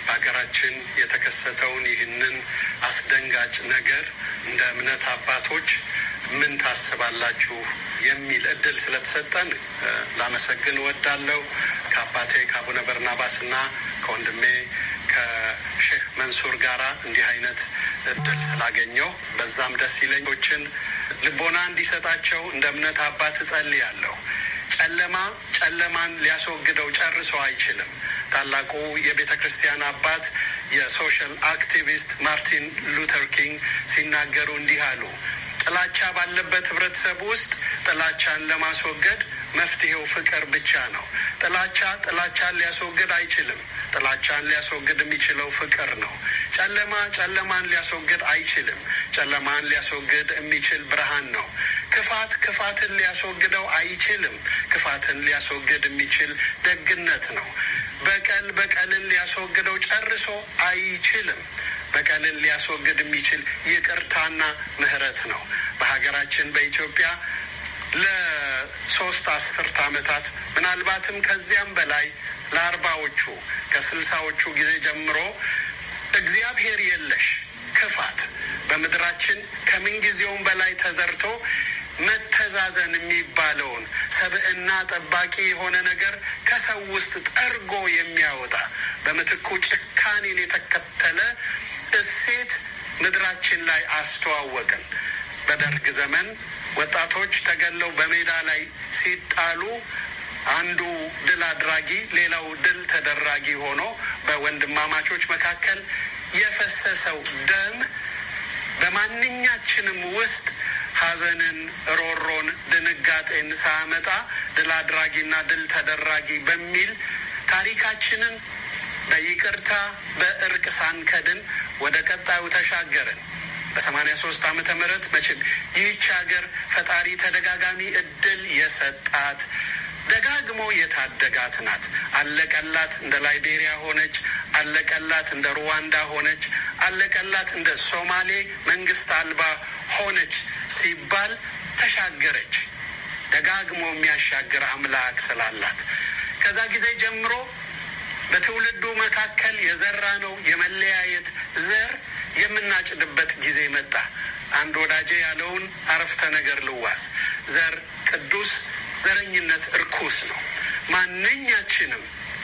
በሀገራችን የተከሰተውን ይህንን አስደንጋጭ ነገር እንደ እምነት አባቶች ምን ታስባላችሁ የሚል እድል ስለተሰጠን ላመሰግን እወዳለሁ። ከአባቴ ከአቡነ በርናባስና ከወንድሜ ከሼህ መንሱር ጋራ እንዲህ አይነት እድል ስላገኘው በዛም ደስ ይለኞችን ልቦና እንዲሰጣቸው እንደ እምነት አባት እጸልያለሁ። ጨለማ ጨለማን ሊያስወግደው ጨርሶ አይችልም። ታላቁ የቤተ ክርስቲያን አባት የሶሻል አክቲቪስት ማርቲን ሉተር ኪንግ ሲናገሩ እንዲህ አሉ። ጥላቻ ባለበት ህብረተሰብ ውስጥ ጥላቻን ለማስወገድ መፍትሄው ፍቅር ብቻ ነው። ጥላቻ ጥላቻን ሊያስወግድ አይችልም። ጥላቻን ሊያስወግድ የሚችለው ፍቅር ነው። ጨለማ ጨለማን ሊያስወግድ አይችልም። ጨለማን ሊያስወግድ የሚችል ብርሃን ነው። ክፋት ክፋትን ሊያስወግደው አይችልም። ክፋትን ሊያስወግድ የሚችል ደግነት ነው። በቀል በቀልን ሊያስወግደው ጨርሶ አይችልም። በቀልን ሊያስወግድ የሚችል ይቅርታና ምሕረት ነው። በሀገራችን በኢትዮጵያ ለሶስት አስርት ዓመታት ምናልባትም ከዚያም በላይ ለአርባዎቹ ከስልሳዎቹ ጊዜ ጀምሮ እግዚአብሔር የለሽ ክፋት በምድራችን ከምንጊዜውም በላይ ተዘርቶ መተዛዘን የሚባለውን ሰብዕና ጠባቂ የሆነ ነገር ከሰው ውስጥ ጠርጎ የሚያወጣ በምትኩ ጭካኔን የተከተለ እሴት ምድራችን ላይ አስተዋወቅን። በደርግ ዘመን ወጣቶች ተገለው በሜዳ ላይ ሲጣሉ አንዱ ድል አድራጊ ሌላው ድል ተደራጊ ሆኖ በወንድማማቾች መካከል የፈሰሰው ደም በማንኛችንም ውስጥ ሐዘንን፣ ሮሮን፣ ድንጋጤን ሳያመጣ ድል አድራጊና ድል ተደራጊ በሚል ታሪካችንን በይቅርታ በእርቅ ሳንከድን ወደ ቀጣዩ ተሻገርን። በሰማኒያ ሶስት ዓመተ ምህረት መቼም ይህች ሀገር ፈጣሪ ተደጋጋሚ እድል የሰጣት ደጋግሞ የታደጋት ናት። አለቀላት እንደ ላይቤሪያ ሆነች፣ አለቀላት እንደ ሩዋንዳ ሆነች፣ አለቀላት እንደ ሶማሌ መንግስት አልባ ሆነች ሲባል ተሻገረች። ደጋግሞ የሚያሻግር አምላክ ስላላት ከዛ ጊዜ ጀምሮ በትውልዱ መካከል የዘራ ነው የመለያየት ዘር የምናጭድበት ጊዜ መጣ። አንድ ወዳጄ ያለውን አረፍተ ነገር ልዋስ ዘር ቅዱስ ዘረኝነት እርኩስ ነው። ማንኛችንም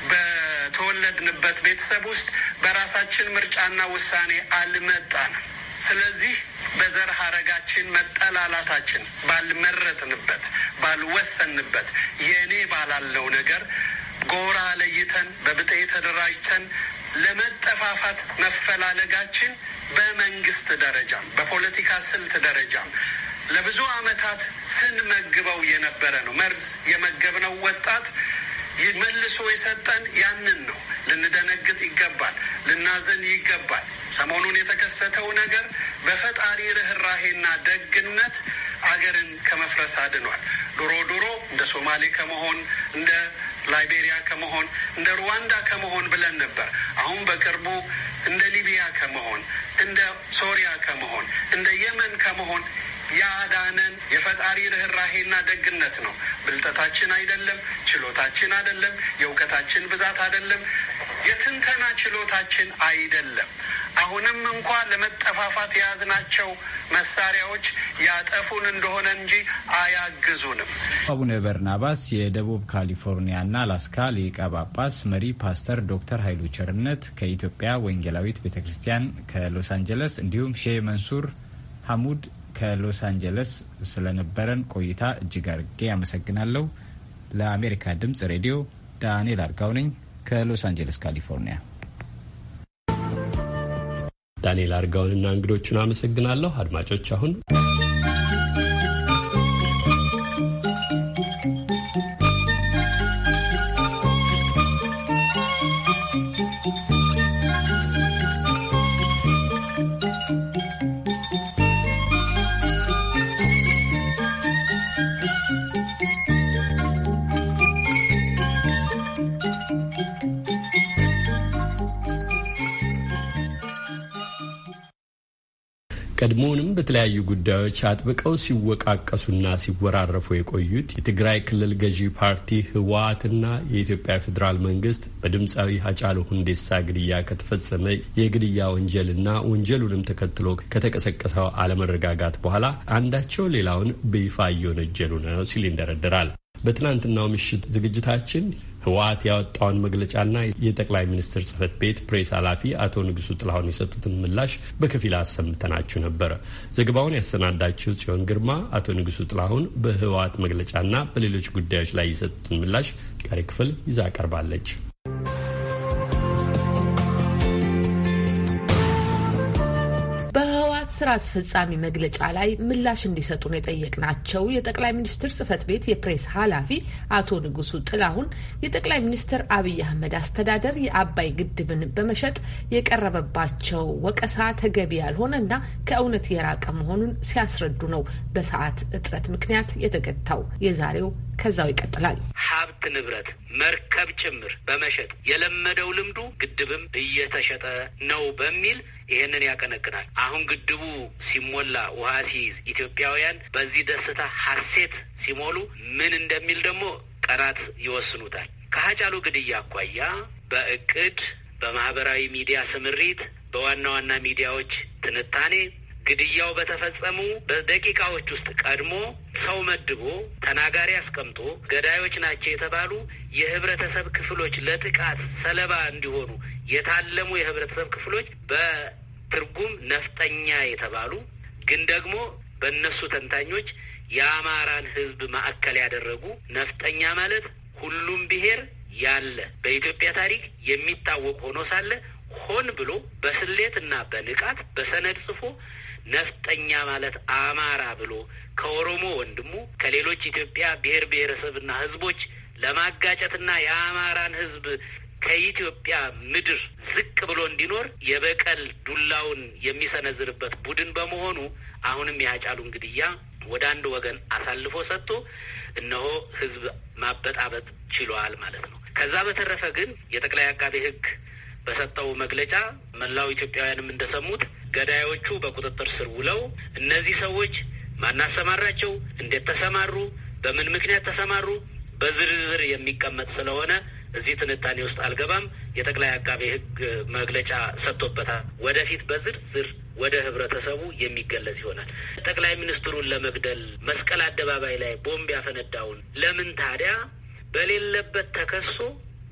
በተወለድንበት ቤተሰብ ውስጥ በራሳችን ምርጫና ውሳኔ አልመጣንም። ስለዚህ በዘር ሀረጋችን መጠላላታችን ባልመረጥንበት፣ ባልወሰንበት የእኔ ባላለው ነገር ጎራ ለይተን በብጤ ተደራጅተን ለመጠፋፋት መፈላለጋችን በመንግስት ደረጃም በፖለቲካ ስልት ደረጃም ለብዙ ዓመታት ስንመግበው የነበረ ነው። መርዝ የመገብነው ወጣት መልሶ የሰጠን ያንን ነው። ልንደነግጥ ይገባል። ልናዘን ይገባል። ሰሞኑን የተከሰተው ነገር በፈጣሪ ርኅራሄና ደግነት አገርን ከመፍረስ አድኗል። ድሮ ድሮ እንደ ሶማሌ ከመሆን እንደ ላይቤሪያ ከመሆን እንደ ሩዋንዳ ከመሆን ብለን ነበር። አሁን በቅርቡ እንደ ሊቢያ ከመሆን እንደ ሶሪያ ከመሆን እንደ የመን ከመሆን ያዳነን የፈጣሪ ርኅራሄና ደግነት ነው። ብልጠታችን አይደለም፣ ችሎታችን አይደለም፣ የእውቀታችን ብዛት አይደለም፣ የትንተና ችሎታችን አይደለም። አሁንም እንኳ ለመጠፋፋት የያዝናቸው መሳሪያዎች ያጠፉን እንደሆነ እንጂ አያግዙንም። አቡነ በርናባስ የደቡብ ካሊፎርኒያና አላስካ ሊቀ ጳጳስ መሪ ፓስተር ዶክተር ኃይሉ ቸርነት ከኢትዮጵያ ወንጌላዊት ቤተ ክርስቲያን ከሎስ አንጀለስ እንዲሁም ሼህ መንሱር ሐሙድ ከሎስ አንጀለስ ስለነበረን ቆይታ እጅግ አርጌ አመሰግናለሁ። ለአሜሪካ ድምፅ ሬዲዮ ዳንኤል አርጋው ነኝ ከሎስ አንጀለስ ካሊፎርኒያ። ዳንኤል አርጋውንና እንግዶቹን አመሰግናለሁ። አድማጮች አሁን በተለያዩ ጉዳዮች አጥብቀው ሲወቃቀሱና ሲወራረፉ የቆዩት የትግራይ ክልል ገዢ ፓርቲ ህወሓትና የኢትዮጵያ ፌዴራል መንግስት በድምፃዊ ሀጫሉ ሁንዴሳ ግድያ ከተፈጸመ የግድያ ወንጀልና ወንጀሉንም ተከትሎ ከተቀሰቀሰው አለመረጋጋት በኋላ አንዳቸው ሌላውን በይፋ እየወነጀሉ ነው ሲል ይንደረደራል። በትናንትናው ምሽት ዝግጅታችን ህወሓት ያወጣውን መግለጫና የጠቅላይ ሚኒስትር ጽህፈት ቤት ፕሬስ ኃላፊ አቶ ንጉሱ ጥላሁን የሰጡትን ምላሽ በከፊል አሰምተናችሁ ነበር። ዘገባውን ያሰናዳችው ጽዮን ግርማ አቶ ንጉሱ ጥላሁን በህወሓት መግለጫና በሌሎች ጉዳዮች ላይ የሰጡትን ምላሽ ቀሪ ክፍል ይዛ ቀርባለች። ስራ አስፈጻሚ መግለጫ ላይ ምላሽ እንዲሰጡን የጠየቅናቸው የጠቅላይ ሚኒስትር ጽህፈት ቤት የፕሬስ ኃላፊ አቶ ንጉሱ ጥላሁን የጠቅላይ ሚኒስትር አብይ አህመድ አስተዳደር የአባይ ግድብን በመሸጥ የቀረበባቸው ወቀሳ ተገቢ ያልሆነ እና ከእውነት የራቀ መሆኑን ሲያስረዱ ነው በሰዓት እጥረት ምክንያት የተገታው የዛሬው ከዛው ይቀጥላል። ሀብት ንብረት፣ መርከብ ጭምር በመሸጥ የለመደው ልምዱ ግድብም እየተሸጠ ነው በሚል ይሄንን ያቀነቅናል። አሁን ግድቡ ሲሞላ ውሃ ሲይዝ ኢትዮጵያውያን በዚህ ደስታ ሀሴት ሲሞሉ ምን እንደሚል ደግሞ ቀናት ይወስኑታል። ከሀጫሉ ግድያ አኳያ በእቅድ በማህበራዊ ሚዲያ ስምሪት፣ በዋና ዋና ሚዲያዎች ትንታኔ ግድያው በተፈጸሙ በደቂቃዎች ውስጥ ቀድሞ ሰው መድቦ ተናጋሪ አስቀምጦ ገዳዮች ናቸው የተባሉ የህብረተሰብ ክፍሎች ለጥቃት ሰለባ እንዲሆኑ የታለሙ የህብረተሰብ ክፍሎች በትርጉም ነፍጠኛ የተባሉ ግን ደግሞ በእነሱ ተንታኞች የአማራን ህዝብ ማዕከል ያደረጉ ነፍጠኛ ማለት ሁሉም ብሔር ያለ በኢትዮጵያ ታሪክ የሚታወቅ ሆኖ ሳለ ሆን ብሎ በስሌትና በንቃት በሰነድ ጽፎ ነፍጠኛ ማለት አማራ ብሎ ከኦሮሞ ወንድሙ ከሌሎች ኢትዮጵያ ብሔር ብሔረሰብና ህዝቦች ለማጋጨትና የአማራን ህዝብ ከኢትዮጵያ ምድር ዝቅ ብሎ እንዲኖር የበቀል ዱላውን የሚሰነዝርበት ቡድን በመሆኑ አሁንም የሀጫሉን ግድያ ወደ አንድ ወገን አሳልፎ ሰጥቶ እነሆ ህዝብ ማበጣበጥ ችሏል ማለት ነው። ከዛ በተረፈ ግን የጠቅላይ አቃቤ ህግ በሰጠው መግለጫ መላው ኢትዮጵያውያንም እንደሰሙት ገዳዮቹ በቁጥጥር ስር ውለው እነዚህ ሰዎች ማናሰማራቸው፣ እንዴት ተሰማሩ፣ በምን ምክንያት ተሰማሩ በዝርዝር የሚቀመጥ ስለሆነ እዚህ ትንታኔ ውስጥ አልገባም። የጠቅላይ አቃቤ ሕግ መግለጫ ሰጥቶበታል። ወደፊት በዝርዝር ወደ ህብረተሰቡ የሚገለጽ ይሆናል። ጠቅላይ ሚኒስትሩን ለመግደል መስቀል አደባባይ ላይ ቦምብ ያፈነዳውን ለምን ታዲያ በሌለበት ተከሶ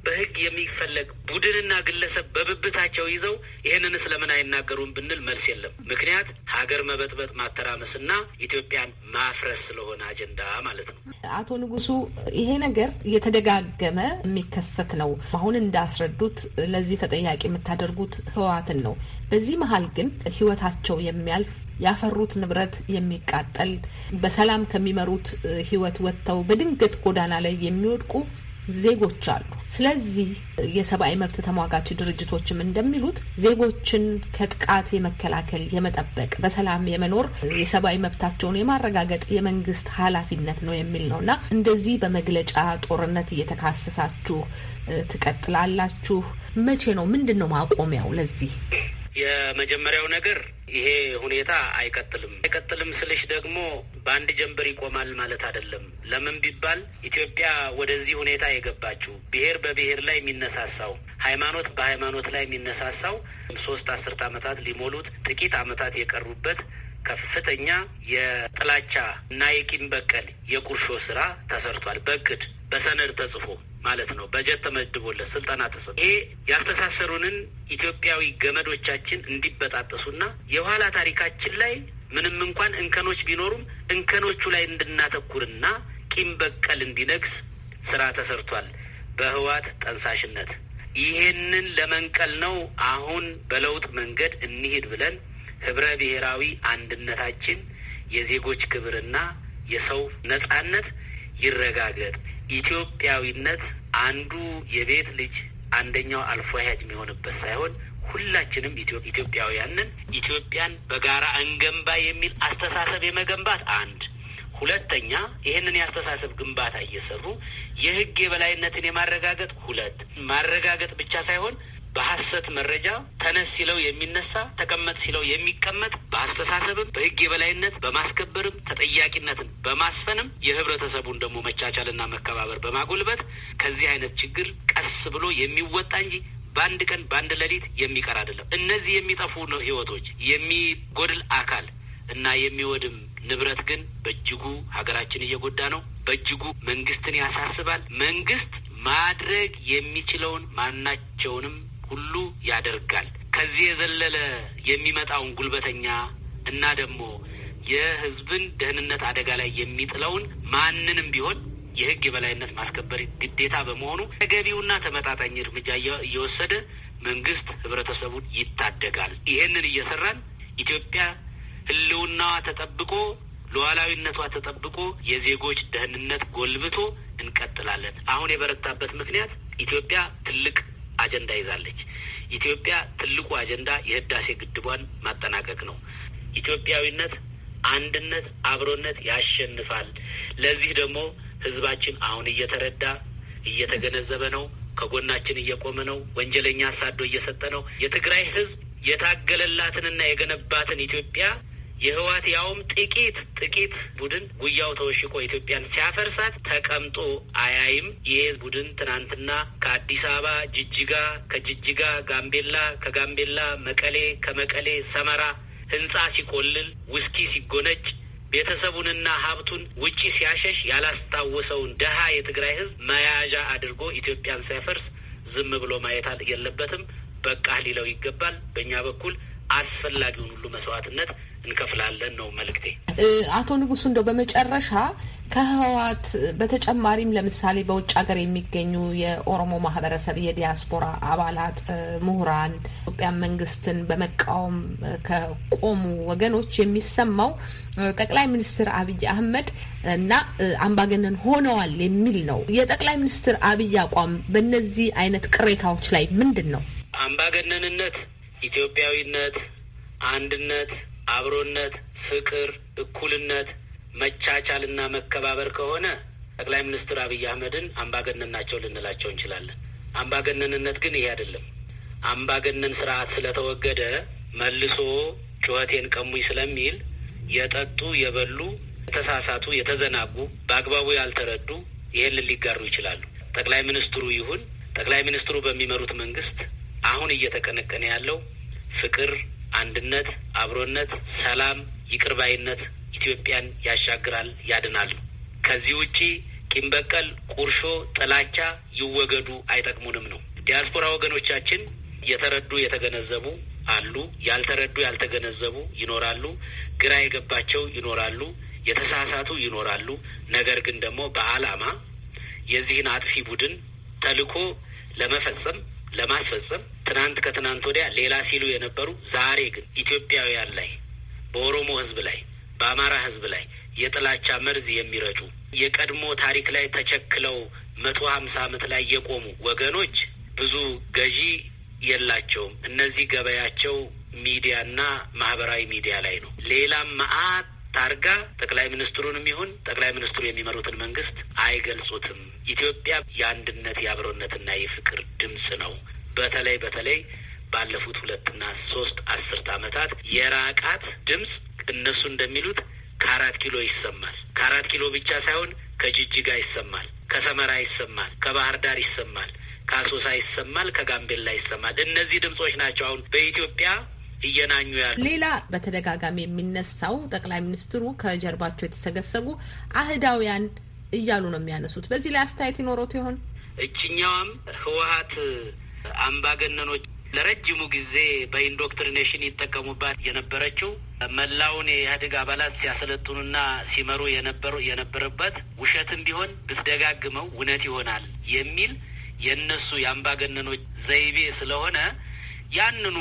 በህግ የሚፈለግ ቡድንና ግለሰብ በብብታቸው ይዘው ይህንን ስለምን አይናገሩም ብንል መልስ የለም። ምክንያት ሀገር መበጥበጥ፣ ማተራመስና ኢትዮጵያን ማፍረስ ስለሆነ አጀንዳ ማለት ነው። አቶ ንጉሱ፣ ይሄ ነገር እየተደጋገመ የሚከሰት ነው። አሁን እንዳስረዱት ለዚህ ተጠያቂ የምታደርጉት ህወሓትን ነው። በዚህ መሀል ግን ህይወታቸው የሚያልፍ ያፈሩት ንብረት የሚቃጠል በሰላም ከሚመሩት ህይወት ወጥተው በድንገት ጎዳና ላይ የሚወድቁ ዜጎች አሉ። ስለዚህ የሰብአዊ መብት ተሟጋች ድርጅቶችም እንደሚሉት ዜጎችን ከጥቃት የመከላከል የመጠበቅ፣ በሰላም የመኖር የሰብአዊ መብታቸውን የማረጋገጥ የመንግስት ኃላፊነት ነው የሚል ነው እና እንደዚህ በመግለጫ ጦርነት እየተካሰሳችሁ ትቀጥላላችሁ? መቼ ነው ምንድን ነው ማቆሚያው ለዚህ? የመጀመሪያው ነገር ይሄ ሁኔታ አይቀጥልም። አይቀጥልም ስልሽ ደግሞ በአንድ ጀንበር ይቆማል ማለት አይደለም። ለምን ቢባል ኢትዮጵያ ወደዚህ ሁኔታ የገባችው ብሔር በብሔር ላይ የሚነሳሳው፣ ሃይማኖት በሃይማኖት ላይ የሚነሳሳው ሶስት አስርት ዓመታት ሊሞሉት ጥቂት ዓመታት የቀሩበት ከፍተኛ የጥላቻ እና የቂም በቀል የቁርሾ ስራ ተሰርቷል። በእቅድ በሰነድ ተጽፎ ማለት ነው። በጀት ተመድቦለት ስልጠና ተሰ ይሄ ያልተሳሰሩንን ኢትዮጵያዊ ገመዶቻችን እንዲበጣጠሱና የኋላ ታሪካችን ላይ ምንም እንኳን እንከኖች ቢኖሩም እንከኖቹ ላይ እንድናተኩርና ቂም በቀል እንዲነግስ ስራ ተሰርቷል በህወሓት ጠንሳሽነት። ይህንን ለመንቀል ነው አሁን በለውጥ መንገድ እንሂድ ብለን ህብረ ብሔራዊ አንድነታችን የዜጎች ክብርና የሰው ነጻነት ይረጋገጥ። ኢትዮጵያዊነት አንዱ የቤት ልጅ አንደኛው አልፎ ያጅ የሚሆንበት ሳይሆን ሁላችንም ኢትዮጵያውያንን ኢትዮጵያን በጋራ እንገንባ የሚል አስተሳሰብ የመገንባት አንድ ሁለተኛ ይህንን የአስተሳሰብ ግንባታ እየሰሩ የህግ የበላይነትን የማረጋገጥ ሁለት ማረጋገጥ ብቻ ሳይሆን በሀሰት መረጃ ተነስ ሲለው የሚነሳ ተቀመጥ ሲለው የሚቀመጥ በአስተሳሰብም በህግ የበላይነት በማስከበርም ተጠያቂነትን በማስፈንም የህብረተሰቡን ደግሞ መቻቻልና መከባበር በማጎልበት ከዚህ አይነት ችግር ቀስ ብሎ የሚወጣ እንጂ በአንድ ቀን በአንድ ሌሊት የሚቀር አይደለም። እነዚህ የሚጠፉ ነው ህይወቶች የሚጎድል አካል እና የሚወድም ንብረት ግን በእጅጉ ሀገራችን እየጎዳ ነው። በእጅጉ መንግስትን ያሳስባል። መንግስት ማድረግ የሚችለውን ማናቸውንም ሁሉ ያደርጋል። ከዚህ የዘለለ የሚመጣውን ጉልበተኛ እና ደግሞ የህዝብን ደህንነት አደጋ ላይ የሚጥለውን ማንንም ቢሆን የህግ የበላይነት ማስከበር ግዴታ በመሆኑ ተገቢውና ተመጣጣኝ እርምጃ እየወሰደ መንግስት ህብረተሰቡን ይታደጋል። ይህንን እየሰራን ኢትዮጵያ ህልውናዋ ተጠብቆ ሉዓላዊነቷ ተጠብቆ የዜጎች ደህንነት ጎልብቶ እንቀጥላለን። አሁን የበረታበት ምክንያት ኢትዮጵያ ትልቅ አጀንዳ ይዛለች። ኢትዮጵያ ትልቁ አጀንዳ የህዳሴ ግድቧን ማጠናቀቅ ነው። ኢትዮጵያዊነት፣ አንድነት፣ አብሮነት ያሸንፋል። ለዚህ ደግሞ ህዝባችን አሁን እየተረዳ እየተገነዘበ ነው። ከጎናችን እየቆመ ነው። ወንጀለኛ አሳዶ እየሰጠ ነው። የትግራይ ህዝብ የታገለላትንና የገነባትን ኢትዮጵያ የህወሓት ያውም ጥቂት ጥቂት ቡድን ጉያው ተወሽቆ ኢትዮጵያን ሲያፈርሳት ተቀምጦ አያይም። ይሄ ቡድን ትናንትና ከአዲስ አበባ ጅጅጋ፣ ከጅጅጋ ጋምቤላ፣ ከጋምቤላ መቀሌ፣ ከመቀሌ ሰመራ ህንጻ ሲቆልል ውስኪ ሲጎነጭ ቤተሰቡንና ሀብቱን ውጪ ሲያሸሽ ያላስታወሰውን ደሃ የትግራይ ህዝብ መያዣ አድርጎ ኢትዮጵያን ሲያፈርስ ዝም ብሎ ማየት የለበትም። በቃ ሊለው ይገባል። በእኛ በኩል አስፈላጊውን ሁሉ መስዋዕትነት እንከፍላለን ነው መልእክቴ። አቶ ንጉሱ እንደው በመጨረሻ ከህወሓት በተጨማሪም ለምሳሌ በውጭ ሀገር የሚገኙ የኦሮሞ ማህበረሰብ የዲያስፖራ አባላት፣ ምሁራን ኢትዮጵያ መንግስትን በመቃወም ከቆሙ ወገኖች የሚሰማው ጠቅላይ ሚኒስትር አብይ አህመድ እና አምባገነን ሆነዋል የሚል ነው። የጠቅላይ ሚኒስትር አብይ አቋም በእነዚህ አይነት ቅሬታዎች ላይ ምንድን ነው? አምባገነንነት ኢትዮጵያዊነት፣ አንድነት፣ አብሮነት፣ ፍቅር፣ እኩልነት፣ መቻቻልና መከባበር ከሆነ ጠቅላይ ሚኒስትር አብይ አህመድን አምባገነን ናቸው ልንላቸው እንችላለን። አምባገነንነት ግን ይሄ አይደለም። አምባገነን ስርዓት ስለተወገደ መልሶ ጩኸቴን ቀሙኝ ስለሚል የጠጡ የበሉ የተሳሳቱ የተዘናጉ በአግባቡ ያልተረዱ ይህንን ሊጋሩ ይችላሉ። ጠቅላይ ሚኒስትሩ ይሁን ጠቅላይ ሚኒስትሩ በሚመሩት መንግስት አሁን እየተቀነቀነ ያለው ፍቅር፣ አንድነት፣ አብሮነት፣ ሰላም፣ ይቅርባይነት ኢትዮጵያን ያሻግራል፣ ያድናል። ከዚህ ውጪ ቂም በቀል፣ ቁርሾ፣ ጥላቻ ይወገዱ፣ አይጠቅሙንም ነው። ዲያስፖራ ወገኖቻችን የተረዱ የተገነዘቡ አሉ፣ ያልተረዱ ያልተገነዘቡ ይኖራሉ፣ ግራ የገባቸው ይኖራሉ፣ የተሳሳቱ ይኖራሉ። ነገር ግን ደግሞ በዓላማ የዚህን አጥፊ ቡድን ተልዕኮ ለመፈጸም ለማስፈጸም ትናንት ከትናንት ወዲያ ሌላ ሲሉ የነበሩ ዛሬ ግን ኢትዮጵያውያን ላይ በኦሮሞ ህዝብ ላይ በአማራ ህዝብ ላይ የጥላቻ መርዝ የሚረጩ የቀድሞ ታሪክ ላይ ተቸክለው መቶ ሀምሳ ዓመት ላይ የቆሙ ወገኖች ብዙ ገዢ የላቸውም። እነዚህ ገበያቸው ሚዲያና ማህበራዊ ሚዲያ ላይ ነው። ሌላም መዓት ታርጋ ጠቅላይ ሚኒስትሩንም ይሁን ጠቅላይ ሚኒስትሩ የሚመሩትን መንግስት አይገልጹትም። ኢትዮጵያ የአንድነት የአብሮነትና የፍቅር ድምፅ ነው። በተለይ በተለይ ባለፉት ሁለትና ሶስት አስርት ዓመታት የራቃት ድምፅ እነሱ እንደሚሉት ከአራት ኪሎ ይሰማል። ከአራት ኪሎ ብቻ ሳይሆን ከጅጅጋ ይሰማል፣ ከሰመራ ይሰማል፣ ከባህር ዳር ይሰማል፣ ከአሶሳ ይሰማል፣ ከጋምቤላ ይሰማል። እነዚህ ድምጾች ናቸው አሁን በኢትዮጵያ እየናኙ ያሉ። ሌላ በተደጋጋሚ የሚነሳው ጠቅላይ ሚኒስትሩ ከጀርባቸው የተሰገሰጉ አህዳውያን እያሉ ነው የሚያነሱት። በዚህ ላይ አስተያየት ይኖሮት ይሆን? እችኛዋም ህወሀት አምባገነኖች ለረጅሙ ጊዜ በኢንዶክትሪኔሽን ይጠቀሙባት የነበረችው መላውን የኢህአዴግ አባላት ሲያሰለጥኑና ሲመሩ የነበሩ የነበረበት ውሸትም ቢሆን ብትደጋግመው እውነት ይሆናል የሚል የእነሱ የአምባገነኖች ዘይቤ ስለሆነ ያንኑ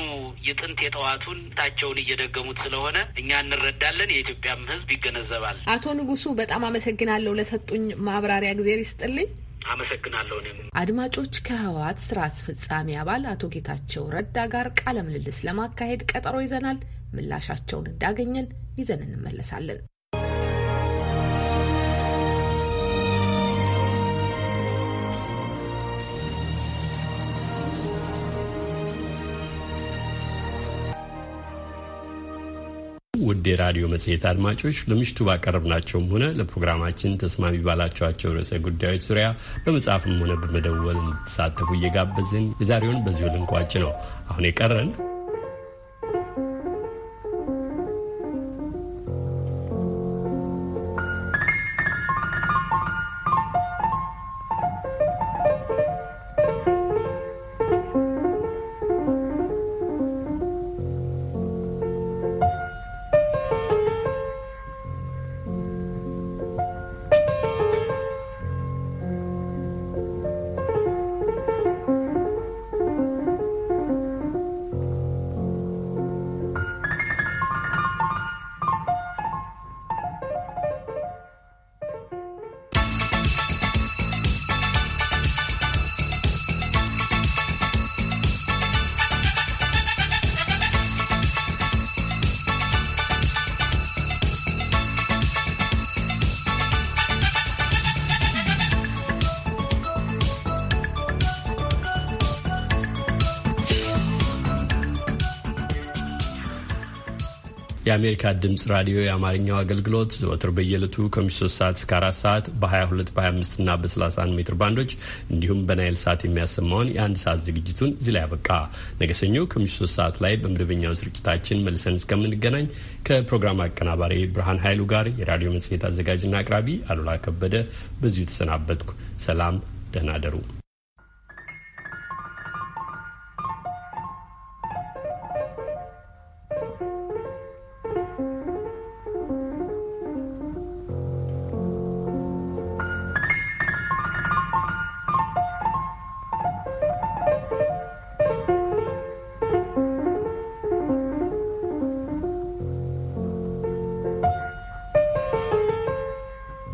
የጥንት የጠዋቱን ታቸውን እየደገሙት ስለሆነ እኛ እንረዳለን፣ የኢትዮጵያም ህዝብ ይገነዘባል። አቶ ንጉሱ በጣም አመሰግናለሁ ለሰጡኝ ማብራሪያ ጊዜ ይስጥልኝ። አመሰግናለሁ። አድማጮች ከህወሓት ስራ አስፈጻሚ አባል አቶ ጌታቸው ረዳ ጋር ቃለ ምልልስ ለማካሄድ ቀጠሮ ይዘናል። ምላሻቸውን እንዳገኘን ይዘን እንመለሳለን። ውድ የራዲዮ መጽሔት አድማጮች ለምሽቱ ባቀረብናቸውም ሆነ ለፕሮግራማችን ተስማሚ ባላችኋቸው ርዕሰ ጉዳዮች ዙሪያ በመጻፍም ሆነ በመደወል እንድትሳተፉ እየጋበዝን የዛሬውን በዚሁ ልንቋጭ ነው። አሁን የቀረን የአሜሪካ ድምጽ ራዲዮ የአማርኛው አገልግሎት ዘወትር በየለቱ ከምሽቱ 3 ሰዓት እስከ 4 ሰዓት በ22 በ25 እና በ31 ሜትር ባንዶች እንዲሁም በናይል ሰዓት የሚያሰማውን የአንድ ሰዓት ዝግጅቱን እዚህ ላይ ያበቃ። ነገ ሰኞ ከምሽቱ 3 ሰዓት ላይ በመደበኛው ስርጭታችን መልሰን እስከምንገናኝ ከፕሮግራም አቀናባሪ ብርሃን ኃይሉ ጋር የራዲዮ መጽሔት አዘጋጅና አቅራቢ አሉላ ከበደ በዚሁ ተሰናበትኩ። ሰላም፣ ደህና ደሩ።